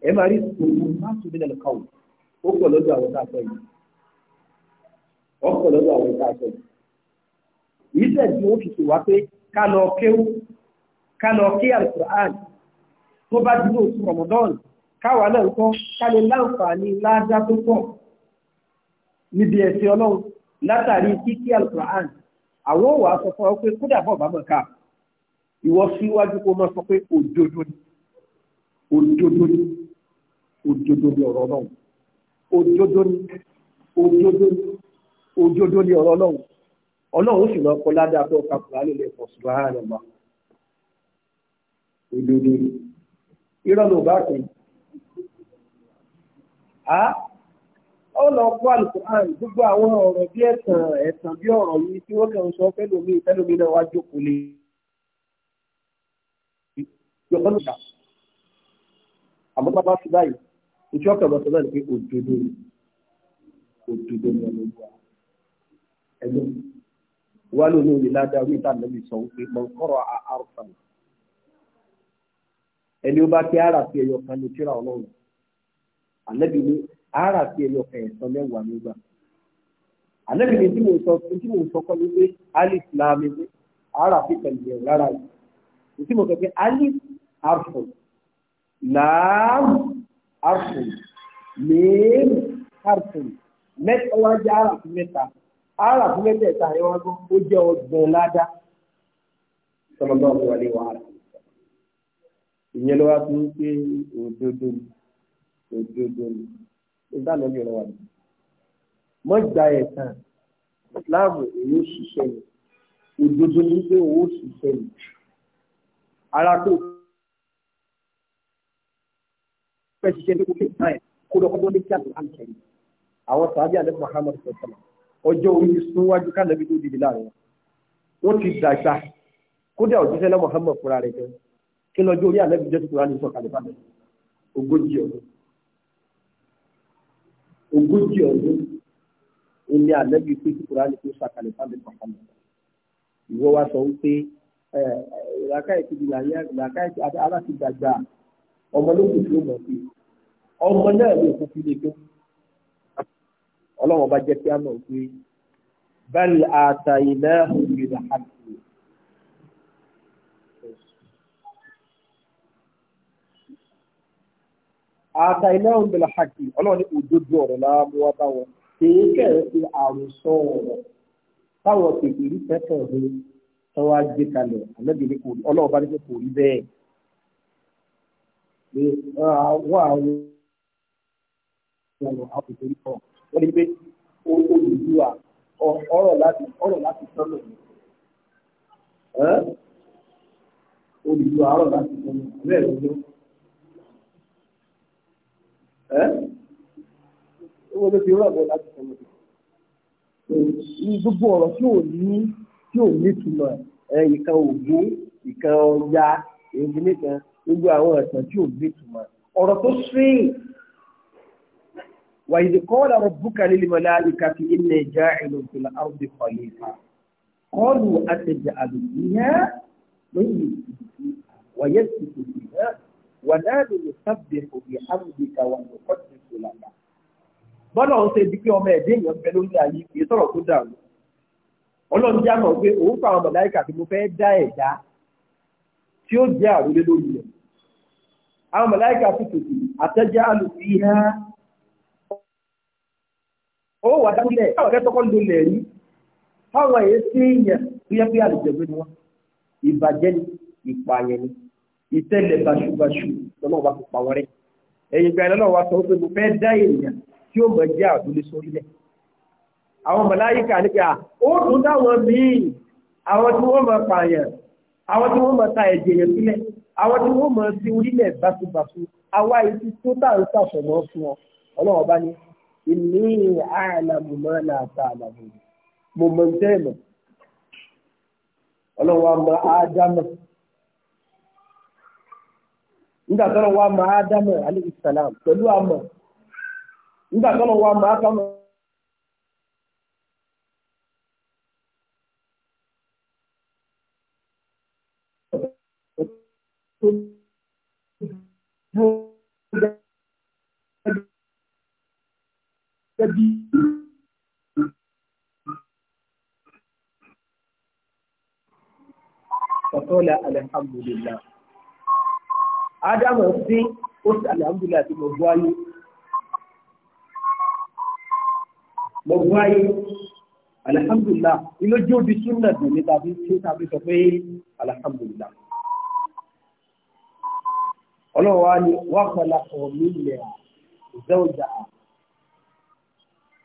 ẹ̀ máa rí ìṣòro máa tún nínú káwọn ó pọ̀ lọ́dọ̀ àwọn tá a sọ yìí ó pọ̀ lọ́dọ̀ àwọn tá a yìí ìrísẹ̀ tí ó fi wá pé ká lọ kéwú ká lọ kí alukur'an tó bá dúró oṣù ramadan káwa náà ń kọ́ ká lè láǹfààní ládá tó pọ̀ níbi ẹ̀sìn ọlọ́run látàrí kíkí alukur'an àwọn òwà sọ fún ọ pé kódà bọ̀ bá mọ̀ ká ìwọ síwájú kó máa sọ pé òdodo ni òdodo ni òdodo ni ọ̀rọ̀ náà òdodo ni òdodo ni òdodo ni ọ̀rọ̀ náà ọlọ́run ó sì lọ kọ ládàá tó ka kùránì lè pọ̀ sí wàhálà rẹ̀ mọ́ òdodo irọ́ ló bá pè á ó lọ kọ́ alukuran gbogbo àwọn ọ̀rọ̀ bí ẹ̀tàn ẹ̀tàn bí ọ̀rọ̀ yìí tí wọ́n kàn ń sọ fẹ́lómi fẹ́lómi náà wá jókòó lé yọ̀kọ́ lùkà àmọ́ bá bá fi báyìí ìjọ kẹ̀rọ sọ náà ni pé òdodo òdodo ni ọlọ́wọ́ ẹgbẹ́ mi wà lónìí òní ládàá orí ìta nàbì sọ pé mọ̀nkọ́rọ̀ àrùfà ẹni ó bá kí ara fi ẹyọ kan ní tíra ọlọ́run ànábì ní ara fi ẹyọ kan ẹ̀sán mẹ́wàá nígbà ànábì ní tí mò ń sọ tí mò ń sọ kọ́ ni pé alif láàmì pé ara fi pẹ̀lú ẹ̀rọ rárá yìí tí mo sọ pé alif arfun láàm arfun mẹ́ẹ̀m arfun mẹ́ta wájú ara fi mẹ́ta ara fún mẹ́tẹ̀ẹ̀ta yẹn wá gbọ́ ó jẹ́ ọgbọ̀n ládá sọlọ́gbà ọ̀hún wà ní wàhálà ìyẹn ló wá fi ń pé òdodo ni òdodo ni nígbà náà yọ̀rọ̀ wà ní. mọ́ ìgbà ẹ̀sán láàmù èyí ó ṣiṣẹ́ ni òdodo ni pé òun ṣiṣẹ́ ni ara tó fẹ́ ṣiṣẹ́ ní kókè táyà kó lọ́kọ́ tó ní kí àgbà ń kẹ́yìn àwọn sàájà ní Muhammad sọ̀tàn ọjọ́ orí súnwájú kánàbí tó dìde láàrin wọn ti dàgbà kódà òjíṣẹ́ náà Muhammad fúnra rẹ̀ kẹ́ kí lọ́jọ́ orí ànábì jẹ́ tuntun láti sọ̀kalẹ̀ bá bẹ̀rẹ̀ ogójì ọdún ogójì ọdún ilé ànábì pé tuntun láti sọ̀kalẹ̀ bá bẹ̀rẹ̀ pàtàkì ìwọ wa sọ wípé ẹ ti di làyè làákàyè ti aláti dàgbà ọmọ ló kù tí ó mọ̀ sí ọmọ náà ló kù fi lè tó ọlọ́run ọba jẹ́ kí á mọ̀ pé bal ataynahum bil haqqi. ataynahum bil haqqi ọlọ́run ní òdodo ọ̀rọ̀ lára mú wá báwọn kìí kẹ̀rẹ́sì àròsọ ọ̀rọ̀ táwọn kékeré fẹ́kàn ní tọ́wọ́ gbé kalẹ̀ ọlọ́run bá ní kò rí bẹ́ẹ̀. wọ́n àwọn ọ̀rọ̀ àpòtò ìkọ̀ wọ́n ní pé olùdúwà ọ̀rọ̀ láti ọ̀rọ̀ láti sọ́nà olùdúwà ọ̀rọ̀ láti sọ́nà bẹ́ẹ̀ ló lọ. owó ló fi rọ̀bọ̀ láti sọ́nà. gbogbo ọ̀rọ̀ tí ò ní tí ò ní túmọ̀ ìkan ògún ìkan ọ̀ya èyí nìkan gbogbo àwọn ẹ̀sán tí ò ní túmọ̀ ọ̀rọ̀ tó sírìn. وإذ قال ربك للملائكة إني جاعل في الأرض خليفة قالوا أتجعل فيها من ويسفك فيها ونحن نسبح بحمدك ونقدس لك bọ́lá ọ̀hún ṣe di pé ọmọ ẹ̀dẹ́ èèyàn bẹ lórí ayé kì í sọ̀rọ̀ tó dàrú ọlọ́run já mọ̀ pé òun fáwọn mọ̀láìkà tí mo fẹ́ dá ẹ̀dá tí ó jẹ́ àrólé lórí rẹ̀ àwọn mọ̀láìkà fi tòkì àtẹ́jẹ́ àlùfíà ó wà dákúlẹ̀ táwọn ẹ̀rẹ́ tọ́kọ́ lulẹ̀ rí táwọn èyí sí yẹn bíyẹn bí àlùjẹ̀gbẹ́ ni wọ́n ìbàjẹ́ ni ìpààyàn ni ìtẹ́lẹ̀ báṣubàṣu lọ́nà wa fi pa rẹ̀ ẹ̀yìn ìgbà ìlọ́nà wa sọ pé mo fẹ́ dá èèyàn tí ó mọ̀ jẹ́ àdúlé sórí lẹ̀ àwọn mọ̀láyíkà ní pé ó tún dáwọn míì àwọn tí wọ́n máa pààyàn àwọn tí wọ́n máa ta ẹ̀jẹ̀ yẹn sílẹ̀ àwọn tí wọ́n máa sí orílẹ̀ báṣubàṣu àwa ìtú tó tà ń sàṣọ̀mọ́ fún ọ ọlọ́run ọba ni inni a'lamu ma la ta'lamun mo mọ̀ ń wa mọ ádámọ̀ nígbà tọ́lọ́ wa mọ ádámọ̀ alayhi salam pẹ̀lú àmọ̀ wa alhamdulillah ádámù sí ó sì alhamdulillah ti mọ̀ gbọ́ ayé mọ̀ gbọ́ ayé alhamdulillah ilé jẹ́ òbí súnà dùn ní tàbí tí tàbí sọ pé alhamdulillah ọlọ́run wa ni wà pẹ̀lú ọ̀mí ilẹ̀ ìzẹ́ọ̀jà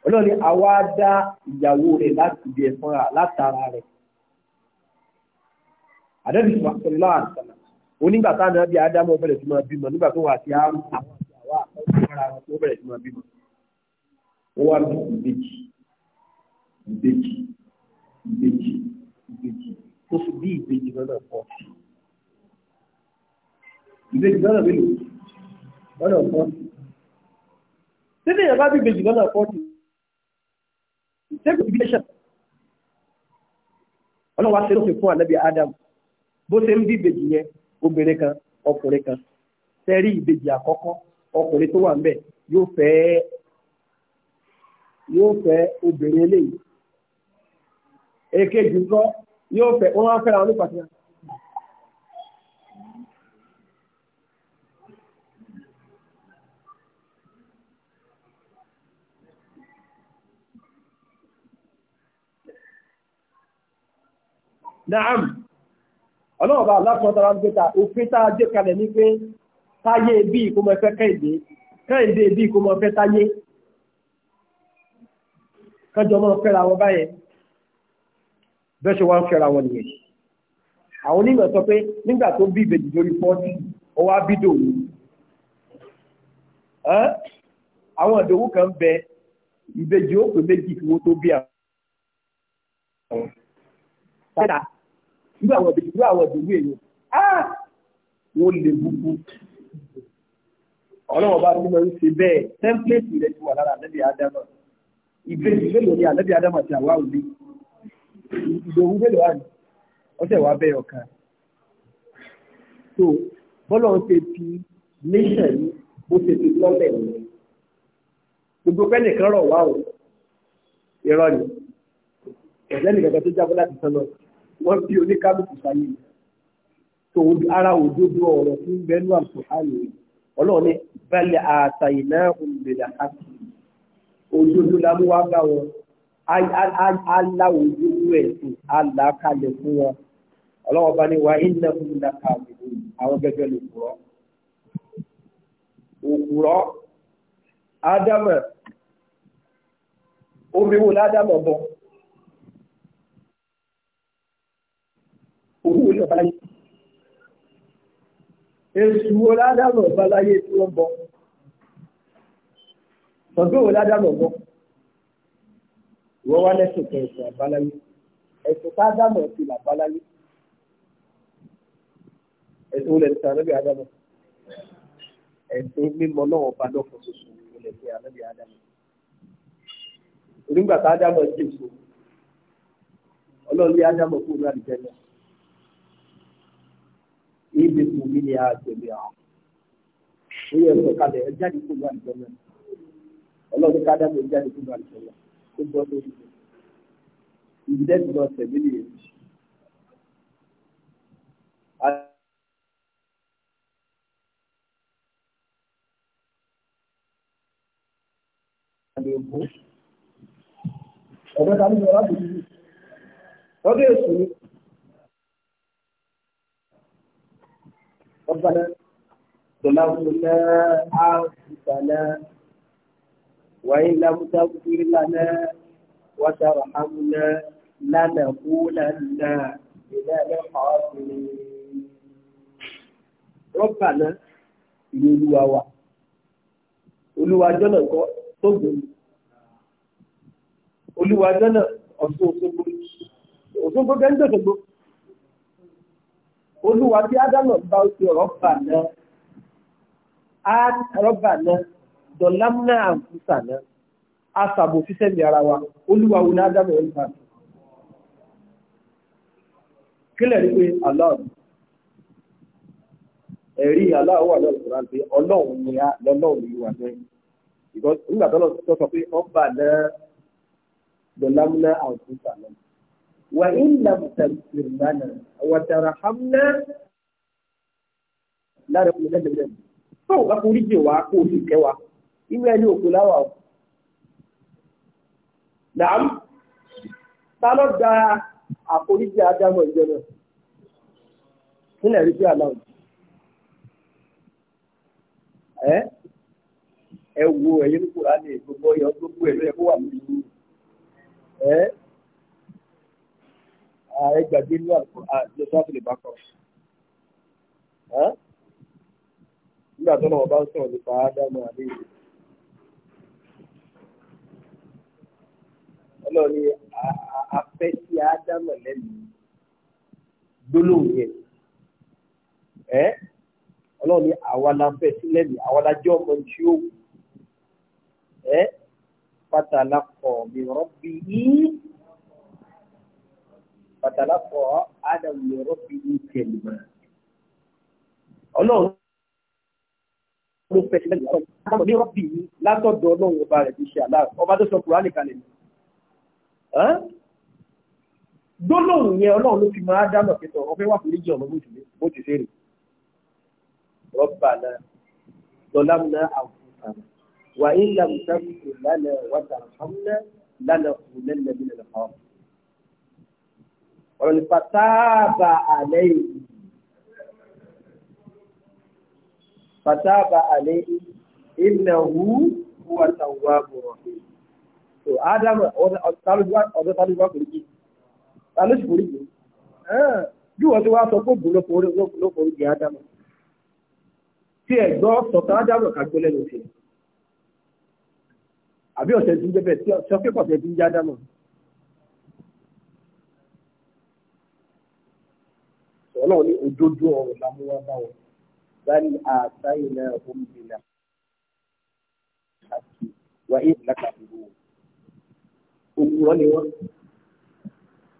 ọlọ́run ni àwa dá ìyàwó rẹ̀ láti ibi ẹ̀fọ́ra látara rẹ̀ àdẹ́bí sọ̀rọ̀lá àtàlà onígbà táwọn àbí ádámù ọbẹ̀rẹ̀ tó máa bímọ nígbà tó wà sí àwọn àwọn àwọn àkọ́kọ́ra wọn tó bẹ̀rẹ̀ tó máa bímọ. ó wá bí ìbejì ìbejì ìbejì ìbejì tó fi bí ìbejì lọ́nà pọ̀ sí. ìbejì lọ́nà mélòó lọ́nà pọ̀ sí. títí ìyẹn bá bí ìbejì bó ṣe ń bí ìbejì yẹn obìnrin kan ọkùnrin kan sẹ́rí ìbejì àkọ́kọ́ ọkùnrin tó wà ń bẹ̀ yóò fẹ́ yóò fẹ́ obìnrin eléyìí èkejì ńkọ́ yóò fẹ́ wọ́n wá fẹ́ra ọlọ́run bá aláṣọ tara ń gbéta òfin tá a jẹ́ kalẹ̀ ní pé táyé bí kó mọ fẹ́ kẹ́hìndé kẹ́hìndé bí kó mọ fẹ́ táyé kẹjọ mọ fẹ́ra wọn báyẹn bẹ́ẹ̀ ṣe wá ń fẹ́ra wọn nìyẹn àwọn onímọ̀ sọ pé nígbà tó bí ìbejì lórí fọ́ọ̀tì ó wá bí dòwú àwọn ìdòwú kan bẹ ìbejì ó pè méjì kí wọ́n tó bí àwọn irú àwọn ìdèwú irú àwọn ìdèwú èèyàn á wọ́n lè gbogbo ọlọ́wọ́ bá ti máa ń ṣe bẹ́ẹ̀ tẹ́ḿpléètì rẹ̀ ti wà lára ànábì ádámà ìbéèrè mélòó ni ànábì ádámà ti àwa òbí ìdòwú mélòó wà ní ọ̀sẹ̀ wà bẹ́ẹ̀ ọ̀kan so bọ́lá ń ṣe ti nation ní bó ṣe ti lọ́lẹ̀ ní gbogbo pẹ́ẹ́nì kan rọ̀ wá o irọ́ ni ọ̀sẹ̀ nìkan tó jábọ́ láti sọ́nà ọ̀sẹ̀ wọ́n bí oníkálukú sáyé tó ara òdodo ọ̀rọ̀ fún bẹ́ẹ̀nù àpòhánì ọlọ́run ní bẹ́ẹ̀lẹ̀ àtàyìnà òǹdẹ̀dà àti òdodo la mú wá bá wọn aláwọ̀ òdodo ẹ̀sìn alákalẹ̀ fún wọn ọlọ́run bá ní wa iná fún mi láka àbùkù àwọn gẹ́gẹ́ lè kúrọ́ òkúrọ́ ádámà omi wo ládámà bọ̀. òun ò lọ báyìí. Èṣù wo ládàmú ọba láyé tí wọ́n bọ̀? Sọ̀gbẹ́ wo ládàmú ọ̀gbọ́n? Ìwọ́n wá lẹ́sùn kẹ̀sùn àbáláyé. Ẹ̀sùn tá dámọ̀ sí làbáláyé. Ẹ̀sùn wo lẹ́sùn ànábì àdámọ̀? Ẹ̀sùn mímọ́ náà ọba lọ́kọ̀ ṣoṣo wo lẹ́sùn ànábì àdámọ̀? Onígbà tá dámọ̀ sí èso. Ọlọ́run ní àdámọ̀ kúrò náà ibi kùn mí ni a tẹ̀lé àwọn ó yẹ ẹ̀sọ́ kalẹ̀ ẹ jáde kó lọ àjọ náà ọlọ́run ká dábò ẹ jáde kó lọ àjọ náà kó bọ́ lórí rẹ̀ ìdílẹ́sì lọ tẹ̀lé nìyẹn. Ọ̀gá ta ló ń lọ láti ìlú. Ọdún èsù ni. ربنا ظلمنا أنفسنا وإن لم تغفر لنا وترحمنا لنكونن من الخاسرين ربنا ìlú olúwa wa olúwa jọ́nà kọ́ tó gbòòrò olúwa jọ́nà ọ̀sùn òṣogbo òṣogbo gẹ́gẹ́ gbogbo olúwa bí ádámọ̀ bá ń fi rọ́bà náà á rọ́bà náà dọ̀lámúnà náà á sàbò fífẹ́ mi ara wa olúwa wo ní bá kílẹ̀ pé ẹ̀rí wà lọ́wọ́ ọlọ́run ni a lọ́lọ́run ni wà nígbà tó lọ sọ pé ọba náà dọ̀lámúnà náà. وإن لم تغفر لنا وترحمنا لا نكون من المؤمنين tó o bá forí jì wá kó o sì kẹwàá inú ẹni òkú láwà o. Nàám ta ló da àforíjì Ádámọ̀ ìjọ náà nílẹ̀ rí sí àláwọ̀. Ẹ ẹ wo ẹ̀yẹ́ ní Kùránì gbogbo ọ̀yọ́ gbogbo ẹ̀rọ ẹ̀kọ́ wà lórí. Ẹ ẹgbàgbé ní àlùfáàfìlì bá kọ. nígbà tó lọ́wọ́ bá ń sọ̀rọ̀ nípa ádámù àdéhùn. ọlọ́run ní afẹ́ sí ádámù lẹ́nu gbólóhùn yẹn. ẹ́ ọlọ́run ní àwa la fẹ́ sí lẹ́nu àwa la jẹ́ ọmọ tí ó wù. ẹ́ pátá lakọ̀ mi rọ́bì yìí pàtàlápọ̀ adam lè rọ́bì ní kẹlìmà ọlọ́run ló fẹ́ sílẹ̀ ní ọlọ́run adam lè rọ́bì ní látọ̀dọ̀ ọlọ́run ọba rẹ̀ ti ṣe aláàrẹ̀ ọba tó sọ kùránì kalẹ̀ ni gbólóhùn yẹn ọlọ́run ló fi máa dáná pẹ̀tọ̀ ọ̀fẹ́ wà fúnlẹ́jì ọ̀nà bó ti ṣe rè rọ́bà náà lọ́lámúná àwùjọ wà ní ìlànà ìtàkùn lánàá wàtà àmúná lánàá kùnlẹ́lẹ́bí lẹ́nà kọ́ọ̀tù ọ̀rọ̀ ní fatáàbà àlẹ́ yìí fatáàbà àlẹ́ yìí ìnáwó wà tàwà bọ̀rọ̀ so adam ọ̀dọ́ tàlùbá kò rí tàlùsì kò rí jù bí wọ́n ti wá sọ pé ògùn ló forí jẹ adam tí ẹ̀ gbọ́ sọ̀tàn adam kàgbó lẹ́nu tiẹ̀ àbí ọ̀sẹ̀ tí ń jẹ́ bẹ́ẹ̀ tí ọ̀sẹ̀ pé pọ̀sẹ̀ tí ń jẹ́ adam. ọlọ́run ní òdodo ọ̀rọ̀ làmúwá bá wọn báyìí àtàyè náà ó ń bìnà àti wàyí ìlàkà ìlú òkúrọ́ ni wọ́n.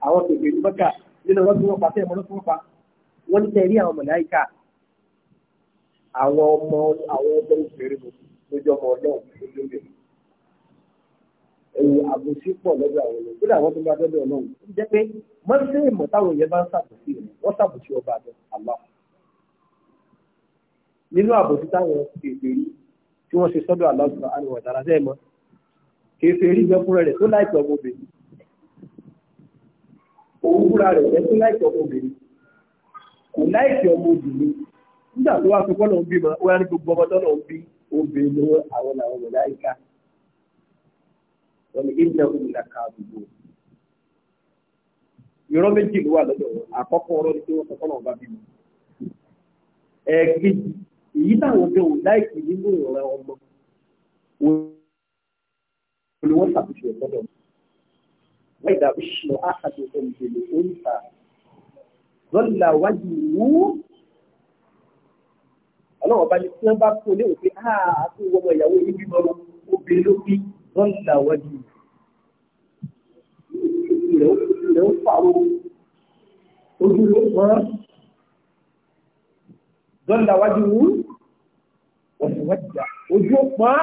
àwọn tètè ní bọ́kà nínú wọn tí wọ́n pa sẹ́yìn mọ́lọ́tí wọ́n pa wọ́n ní sẹ́yìn rí àwọn mọ̀láìkà àwọn ọmọ àwọn ọmọ òṣèré lójọ́ ọmọ ọlọ́run lójó bẹ̀rẹ̀ ẹ̀wù àbòsí pọ̀ lọ́dọ̀ àwọn ènìyàn kódà wọ́n tó bá dọ́dọ̀ ọlọ́run ó jẹ́ pé mọ́tí ìmọ̀ táwọn èèyàn bá ń ṣàbòsí rẹ̀ wọ́n ṣàbòsí ọba àjọ àlá nínú àbòsí táwọn kèfèrí tí wọ́n ṣe sọ́dọ̀ àlá ọ̀sán àríwọ̀ dára sẹ́ẹ̀ mọ́ kèfèrí gbẹ́ fúnra rẹ̀ tó láìpẹ́ ọmọbìnrin òun fúnra rẹ̀ gbẹ́ tó láìpẹ́ ọmọbìnrin kò láìpẹ́ ọmọbìnrin nígbà tó wá fi kọ́ lọ́n bímọ ó yá ní gbogbo ọmọ tó lọ́n bí obìnrin lọ́wọ́ àwọn làwọn mọ̀láyíká wọ́n ní ìjẹun ìlàkà àdúgbò. irọ́ méjì ló wà lọ́dọ̀ wọn àkọ́kọ́ ọ̀rọ̀ ni pé wọ́n sọ́kọ́ náà bá bímọ. ẹ̀ẹ́kejì èyí táwọn ọjọ́ òun láìsí nínú ìrọ̀rẹ́ ọmọ wọn ni wọ́n ṣàtúnṣe ìtọ́jọ́ wọ́n ìdàbí ṣùgbọ́n àkàtà òṣèlú oríta lọ́la wájú wú ọlọ́wọ́ bá ní tí wọ́n bá kó léwu pé áà àti ìwọ́n ìyàwó yìí bímọ obìnrin ló bí lọ́la wájú ilẹ̀ ó fàwọ́ ojú ló pọ́n dọ́là wájú wú ọ̀sùn wájà ojú ó pọ́n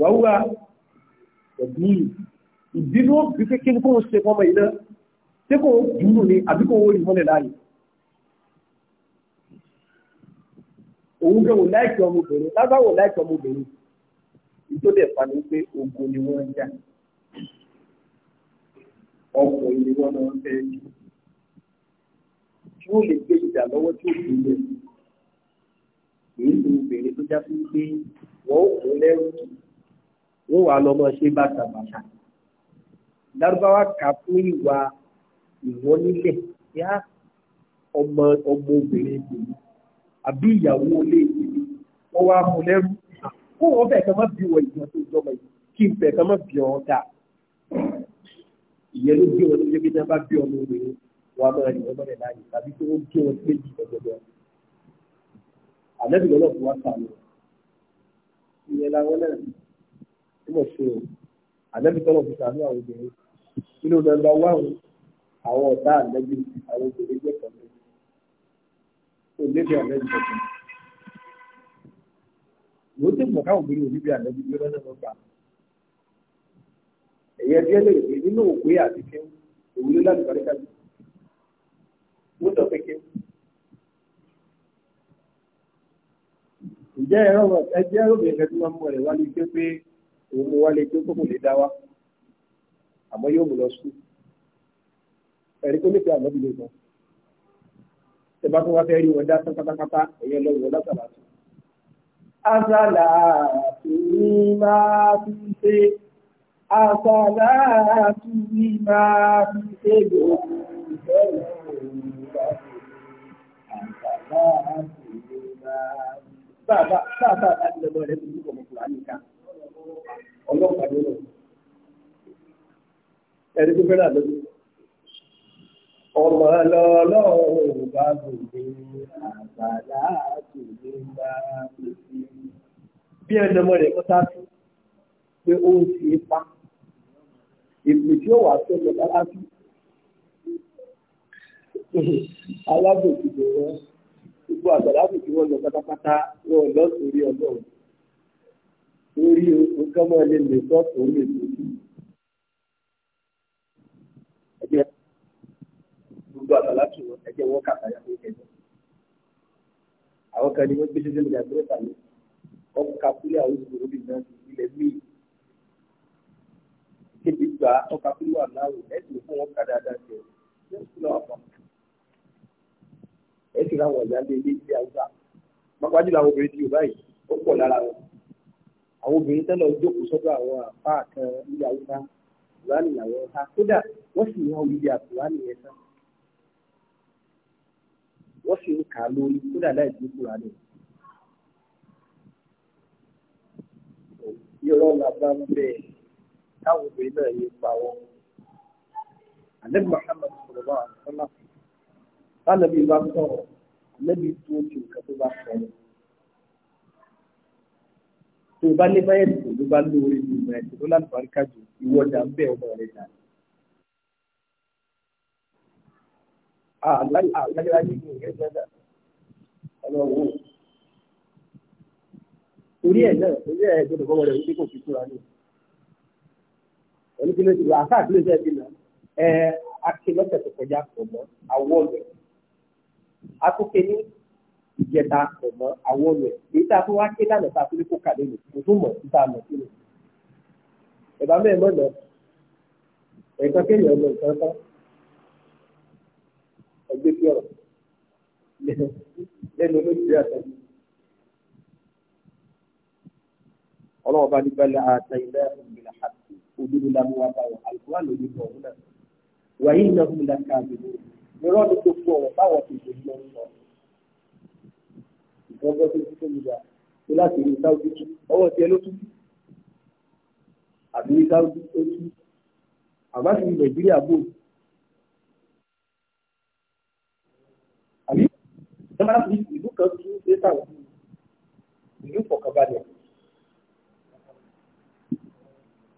wàhùwà ẹ̀bí ìbínú bí pé kí ni kò ń ṣe fọmọ yìí náà ṣé kò dùnú ni àbí kò wọ́n ìmọ̀lẹ̀ láàyè. òun gbé wò láìkí ọmọbìnrin lágbàwò láìkí ọmọbìnrin tó dẹ̀ fa ni pé ogun ni wọ́n ń jà ọkọ̀ ni wọ́n máa ń fẹ́ jù tí ó lè gbé ìjà lọ́wọ́ tí ó fi lẹ̀ èyí ni obìnrin tó já sí pé wọ́n ó kó lẹ́rù wọ́n wà lọ́mọ ṣe bàtàbàtà lárúbáwá kà fún ìwà ìwọ́n nílẹ̀ yá ọmọ ọmọ obìnrin tèmi àbí ìyàwó ilé tèmi wọ́n wá mú lẹ́rù kó wọn fẹ̀ kàn má bí wọ ìgbọ̀n tó jọmọ yìí kí n fẹ̀ kàn má bí ọ dà ìyẹn ló gbé wọn lórí ẹgbẹ́ náà bá bí ọmọ obìnrin wọn a máa rìn wọn mọ́lẹ̀ láàyè tàbí tó ń gbé wọn méjì gbọgbọgbọ àlẹ́bí lọ́lọ́ fún wa sàmì ìyẹn làwọn náà ń mọ̀ sí o àlẹ́bí tọ́lọ̀ fún sàmì àwọn obìnrin nínú nọ́mbà wáhùn àwọn ọ̀tá àlẹ́bí àwọn obìnrin jẹ́ kọ̀ọ̀kan wò ó tẹ̀gbọ̀n káwọn obìnrin òbí bí ànábi bí ọlọ́nà lọ́gbà ẹ̀yẹ bí ẹlẹ́yìn pé nínú òwe àti kéwù òwúlé láti paríkà jù ó sọ pé kéwù. ǹjẹ́ ẹ̀rọ ẹgbẹ́ obìnrin kan tí wọ́n mú rẹ̀ wálé ké pé òun mú wálé ké kókò lè dá wa àmọ́ yóò mú lọ sùn ẹ̀rí kó nífẹ̀ẹ́ ànábi lè sọ ẹ bá tún wá fẹ́ rí wọn dá sán pátápátá ẹ̀yẹ lọ́wọ́ látàlá sùn asàlà àtúrí máa fi ṣe asàlà àtúrí máa fi ṣe gbogbo ìfẹ́ Ẹ̀rí tó fẹ́ràn lọ́dún ọmọ ọlọ́run bá gòkè àgbàlá àtòlé bá gòkè. bí ẹni ọmọ rẹ̀ kọ́ta tó pé ó ń fi ipa ìpè tí ó wà tó lọ bá láti alábòsílẹ̀ wọn gbogbo àgbàlá kò tí wọ́n lọ pátápátá wọn lọ ọlọ́run lórí nǹkan mọ́ ẹni lè sọ́ọ̀tún lè tó sí. gbogbo àtàlátù wọn ẹjẹ wọn kàtà yà fún kẹjọ àwọn kan ní wọn gbé sísè lórí àgbẹrẹ tàlẹ wọn kà kúlẹ àwọn ìṣòro bíi náà ilẹ̀ míì kébi gbà ọkà kúlẹ wà láwù ẹsìn fún wọn kà dáadáa jẹ yóò kúlẹ wà fún ẹsìn láwọn ọjà lé ilé ilé haúsá pápájú làwọn obìnrin ti yorùbá yìí ó pọ̀ lára wọn àwọn obìnrin tẹ́lẹ̀ ń jókòó sọ́dọ̀ àwọn àpá kan ilé haúsá ìwádìí làwọn ha kódà wọ́n sì yan ìdí àpò wá nìyẹn tán wọ́n sì ń kà á lórí kódà láì dín kúra rẹ̀. irọ́ la bá ń bẹ̀ táwọn obìnrin náà yé pa wọ́n. àlẹ́ Muhammad sọ̀rọ̀ àtọ́lá tálẹ́bí bá sọ̀rọ̀ àlẹ́bí tó ti nǹkan tó bá sọ̀rọ̀. tó o bá lé báyẹ̀dì tó ló bá lóore ju ìmọ̀ ẹ̀sìn tó lálùbáríkà jù ìwọ́jà ń bẹ̀ ọmọ rẹ̀ dàní. àláyé àgbáyé ní ìrẹ́ dáadáa ọlọ́wọ́. Orí ẹ̀ náà, orí ẹ̀ gbọ́dọ̀ bọ́ wọlé wípé kò fi kúra ní. Ẹni kí ló ti wà, àká àti ló ti ẹ̀ bínú. Ẹ aké lọ́sẹ̀ tó kọjá pọ̀ mọ́ àwọ̀ rẹ̀. Atúnké ní ìjẹta pọ̀ mọ́ àwọ̀ rẹ̀. Èyí tá a tún wá ké lánàá tá a tún lè kó kàdé nù. Mo tún mọ̀ síta mọ̀ sí mi. Ẹ̀bá mẹ́rin mọ̀ náà. Ẹ̀kan kéèyàn lọ nǹkan tán ẹgbẹ́ sí ọ̀rọ̀ lẹ́nu olóṣèlú àtẹ̀yìn. ọlọ́wọ́ bá ní bẹ́lẹ̀ àtẹ ilẹ̀ ìgbìlẹ̀ àti òdodo lánàá wà báwọn àlùkò àlòyìn bọ̀ ọ̀hún náà wàyí iná fún mi láti àgbègbè irọ́ ní gbogbo ọ̀rọ̀ báwọn ti ṣe lọ sọ. ìgbọ́gbọ́ tó ti tóbi gbà tó láti rí sáwùdí tú ọwọ́ tiẹ̀ ló tún àbí sáwùdí tó tún àbá nàìjíríà bóòlù. tó máa fi ìlú kan tú data wọn ìlú fọkànbalẹ̀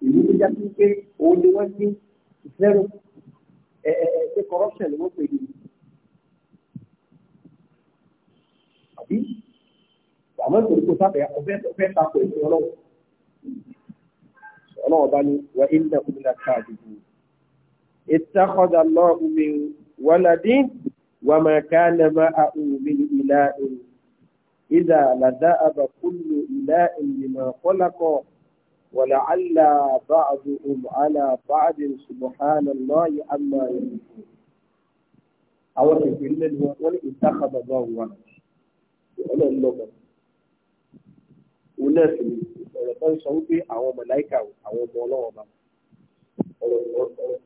ìlú tó já sí pé òun ni wọ́n gbé zero ẹ̀ ẹ̀ ẹ̀ ṣe corruption ni wọ́n pè é àbí àmọ́ ìtòrí kò sábẹ̀ ọ̀fẹ́ tako ìsìn ọlọ́wọ́ ọlọ́wọ́ bá ní wà ilẹ̀ kúndínlá káàdì ìtàkọ́dà lọ́ọ̀kùnrin wàládìí. وما كان معه من إله إذا لذأب كل إله بما خلق ولعل بعضهم على بعض سبحان الله عما يشركون àwọn ìpínlẹ̀ ni wọ́n ní ìtàkàbà bá wà ọ̀nà ńlọ́gbà òun náà sì ni ọ̀rọ̀ tó ń sọ wípé àwọn màláíkà àwọn ọmọ ọlọ́wọ́ bá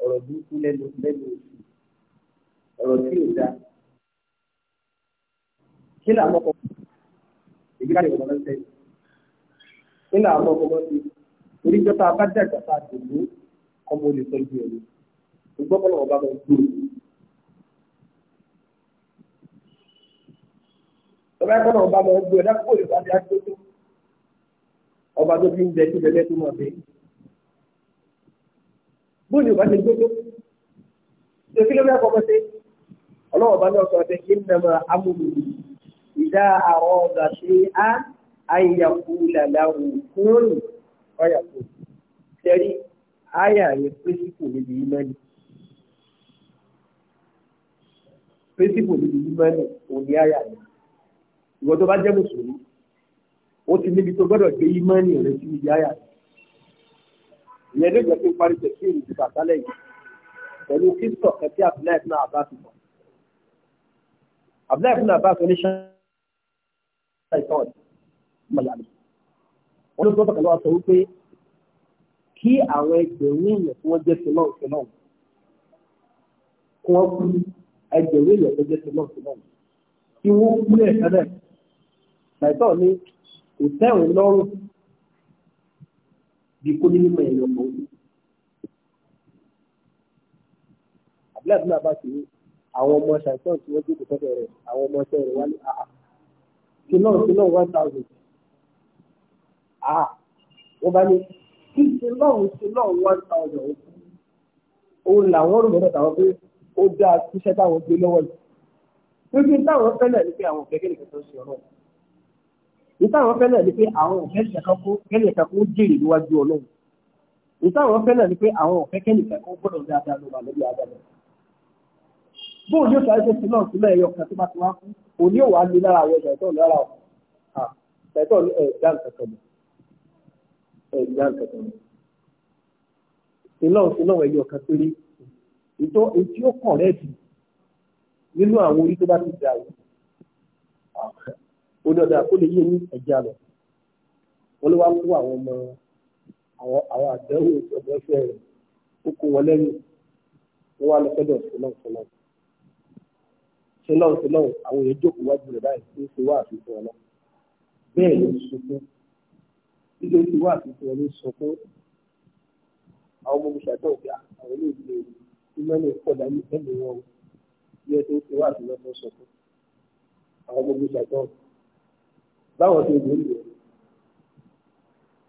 ọ̀rọ̀ burúkú lẹ́nu lẹ́nu ọ̀rọ̀ tí ò dáa kila ambapo ìgbàlè ọ̀dọ́ ṣe kila ambapo wọ́n ti torí jọta abájá ìjọta àdìgbò ọmọ olè tọ́jú ẹni ìgbọ́kọ̀lọ́ ọba lọ gbòòrò. ọba ẹ̀kọ́ náà ọba lọ gbòòrò ẹ̀dá kó lè wá bí akéwàtó ọba tó fi ń bẹ kí bẹ̀rẹ̀ tó mọ̀ bẹ́ẹ̀. bóyá ọba ti gbótó ṣe kí ló fẹ́ kọ́kọ́ ṣe ọlọ́wọ́ ọba náà sọ ìdá àrọ̀ ọ̀gá sí á àyàkú làláwù kúrò ọ̀yàkú. Tẹ́rí áyà yẹn pírísìpù níbi ìmọ̀ni. Pírísìpù níbi ìmọ̀ni òun ni áyà yẹn. Ìwọ tó bá jẹ́ mùsùlùmí, ó ti níbi tó gbọ́dọ̀ gbé ìmọ̀ni rẹ̀ sí ibi áyà yẹn. Ìyẹn ló jẹ́ pé parí tẹ̀sí ìrìnsìkà sálẹ̀ yìí pẹ̀lú kíntọ̀ kẹtí àbúlẹ̀ náà bá ti bọ̀. àbúlẹ̀ fún àbá àtúnṣe ṣàìtọ́n mọ̀lẹ́bí. wọ́n ló sọ́tọ̀ pẹ̀lú aṣọ wípé kí àwọn ẹgbẹ̀rún èèyàn tí wọ́n jẹ́ sinọ́ sinọ́ kí wọ́n kú ẹgbẹ̀rún èèyàn tó jẹ́ sinọ́ sinọ́ kí wọ́n kú ẹ̀ sẹ́lẹ̀ ṣàìtọ́n ní kò tẹ́wọ̀n lọ́rùn bí kó ní mímọ ẹ̀yọ̀ kan. àbúlé àbúlé àbá àwọn ọmọ ṣàìtọ́n tí wọ́n jókòó tọ́tẹ̀ rẹ̀ àwọn ọmọ ṣẹ́ rẹ̀ àhà kìlọ̀ kìlọ̀ one thousand ah wọ́n bá ní kí kìlọ̀ one thousand òun làwọn rò lọ́dọ̀ táwọn pé ó dáa tíṣẹ́ táwọn gbé lọ́wọ́ yìí pépé táwọn fẹ́lẹ̀ ni pé àwọn òkèké nìkan tó ń ṣe ọ̀rọ̀ ìtàwọn fẹ́lẹ̀ ni pé àwọn òkèké nìkan kó kẹ́lẹ̀ kan kó jèrè níwájú ọlọ́run ìtàwọn fẹ́lẹ̀ ni pé àwọn òkèké nìkan kó gbọ́dọ̀ dáadáa ló wà lórí adájọ́ bóun yóò sáré fèsì náà sílẹ̀ ẹ̀yọ kan tó bá ti wá fún òní òwà lé lára àwọn ẹ̀dá ìtọ́ lára ẹ̀dá ẹ̀dá ìtọ́kọ̀mọ̀ ẹ̀dá ìtọ́kọ̀mọ̀ sílọ̀ sílọ̀ ẹ̀yọ kan péré ìtọ́ etí ó kàn rẹ̀ dì nínú àwọn orí tó bá ti dà yìí ó dọ̀dà kó lè yé ní ẹ̀já lọ wọ́n ló wá kó àwọn ọmọ àwọn àdéhùn ọ̀dọ́ sílọ́ọ̀ sílọ́ọ̀ àwọn èèyàn jókòó wájú rẹ̀ báyìí tó ṣe wá àfihàn ọlọ́ bẹ́ẹ̀ ló ń sunkún nítorí ti wá àfihàn ọlọ́ sunkún àwọn ọmọ mùsàtọ̀ ọ̀gá àwọn olóògbé ìmọ̀lẹ̀ pọ̀dà ní ẹ̀mí wọn o bí ẹ tó ṣe wá àfihàn ọlọ́ sunkún àwọn ọmọ mùsàtọ̀ báwọn ṣe lè lò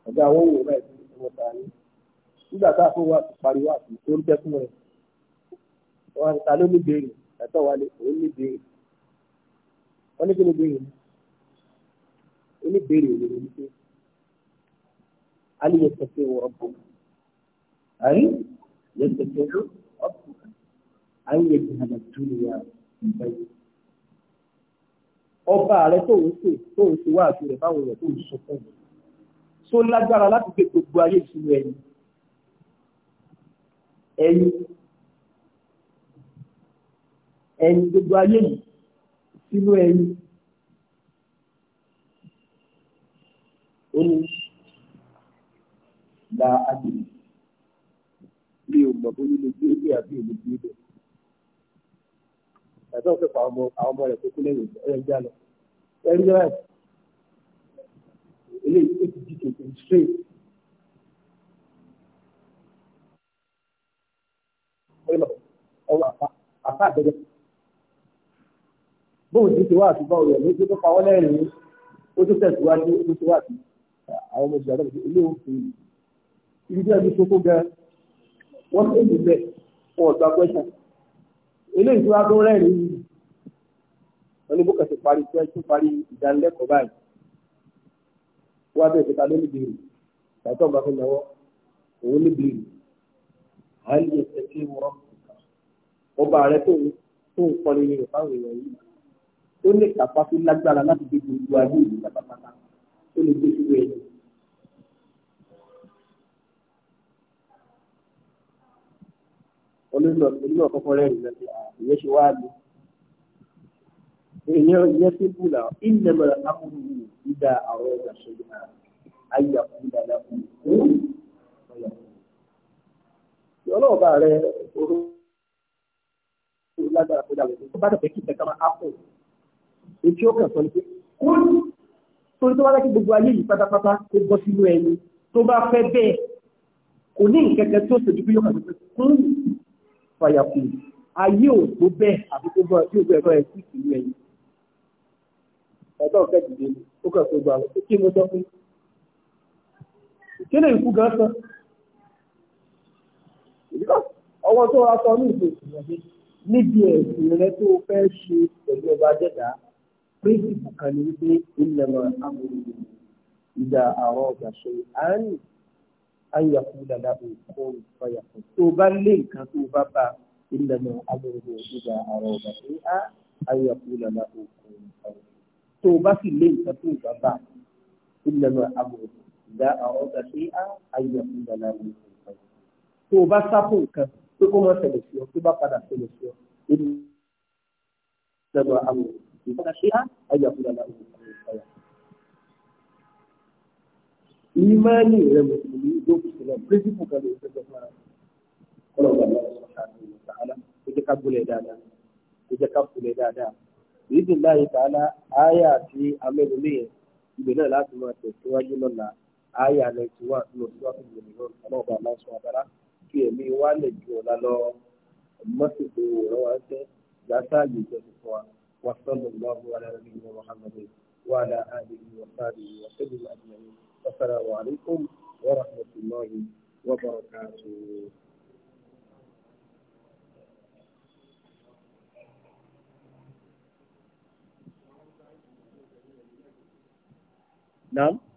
ọ̀gá àwọn òwò báyìí tó wọ́n ta ní nígbà tá a fún wa pariwo àti tó ń tẹ́kùn rẹ̀ wọn ta ló ní ẹ̀tọ́ wa lè òun ní ìbéèrè wọ́n ní kí ni ìbéèrè ni oníbéèrè òun ni wípé alẹ́ yẹn tẹ̀sẹ̀ wọ ọkọ̀ ayé yẹn tẹ̀sẹ̀ wọ ọkọ̀ ayé yẹn ti hàn dúnìyà ìgbẹ́yìí ọba rẹ tó ń sè tó ń sè wá àti rẹ báwọn rẹ tó ń sọ fún mi tó lágbára láti gbé gbogbo ayé ìṣúná ẹni ẹni ẹ̀yin gbogbo ayé yìí sínú ẹ̀yin. ó ní la agbèrè mi ò mọ̀ bóyá lè gbé bẹ́ẹ̀ àbí èmi gbé bẹ́ẹ̀. Ẹ̀sán fẹ́ pa àwọn ọmọ rẹ̀ tó kú lẹ́yìn ẹ̀rẹ́ ń já lọ. Ẹ̀rí jẹ́ báyìí. Eléyìí ó ti di kèké straight. Ọwọ́ àpá àpá àgbẹ̀dẹ̀ bóun ti ti wá àti báwo rẹ̀ ló ti tó pawọ́ lẹ́rìn-ín ó tó tẹ̀síwájú ó tó wá àti àwọn ọmọ ìṣẹ̀lẹ̀ àti ilé òfin ibi tí a ti sokó gan wọ́n tó ti bẹ̀ fún ọ̀gbà pẹ́sà eléyìí tó wá tó rẹ́rìn-ín wọn ni bókà ti parí tó tó parí ìdánilẹ́kọ̀ọ́ báyìí wọ́n á bẹ̀rẹ̀ síta lónìí bèrè tàbí ọ̀gbà fún ìyàwó òun ní bèrè àìlè ẹ̀sẹ̀ kí wọ́n ọba rẹ̀ tó ń ó ní ìkápá tó lágbára láti gbé gbogbo ayé ìlú pátápátá ó lè gbé sílé ẹni. olùlọ kọkọ rẹ rìn lọsí ìyẹn ṣe wá lu èèyàn ìyẹn tó kù náà ilẹ̀ mọ̀ amúlù ìdá àwọn ọjà ṣẹlẹ̀ náà ayé àkùn dada kù kú ọ̀yà kù. ọlọ́ọ̀bà rẹ oró lágbára tó dàgbà tó bá dàgbà kí ìtẹ̀ká máa á kù etí ó kàn sọ ni pé kó tó tó wá láti gbogbo ayé yìí pátápátá kó bọ́ sínú ẹni tó bá fẹ́ bẹ́ẹ̀ kò ní ìkẹ́kẹ́ tó ṣèjú bí yóò kàn sọ pé kún fàyàkùn ayé ò tó bẹ́ẹ̀ àti tó bọ́ tí ó bẹ́ẹ̀ bọ́ ẹ̀ sí ìlú ẹni. ọ̀dọ́ ọ̀fẹ́ dìde ni ó kàn sọ gbà wọ́n kí mo sọ fún kí ni ìkú gan sọ ọwọ́ tó wá sọ ní ìgbésùn níbi ẹ̀sìn rẹ̀ tó fẹ́ ṣe pẹ̀lú ọba jẹ́dàá píríncípù kan ní wípé ìlànà amòròyìn ìdá àwọn ọ̀gá ṣe à ń àyà fún dada òkú ìfọyà fún tó bá lé nǹkan tó bá bá ìlànà amòròyìn ìdá àwọn ọ̀gá ṣe à àyà fún dada òkú ìfọyà tó bá sì lé nǹkan tó bá bá ìlànà amòròyìn ìdá àwọn ọ̀gá ṣe à àyà fún dada òkú ìfọyà tó bá sápò nǹkan tó kó mọ́ ṣẹlẹ̀ sí ọ tó bá padà ṣẹlẹ̀ sí ọ ìlànà amòròyìn. استيقظ شيئا أن يقول له خيرا ìmánì rẹ mùsùlùmí lókùn sílẹ̀ pírísìpù kan ló ń tẹ́jọ́ fún ara kọ́lọ̀ wà lọ́wọ́ sọ̀hánù ìtàhálà ó jẹ́ ká gbọ́lẹ̀ dáadáa ó jẹ́ ká gbọ́lẹ̀ dáadáa ìdí láyé tààlà àyà àti amẹ́nulẹ̀ yẹn ibẹ̀ náà láti máa tẹ̀síwájú lọ́la àyà ninety one ló ń tọ́jú ìgbìmọ̀ náà kọ́lọ̀ wà lọ́wọ́ sọ̀hánù وصلى الله على نبينا محمد وعلى آله وصحبه وسلم أجمعين والسلام عليكم ورحمة الله وبركاته نعم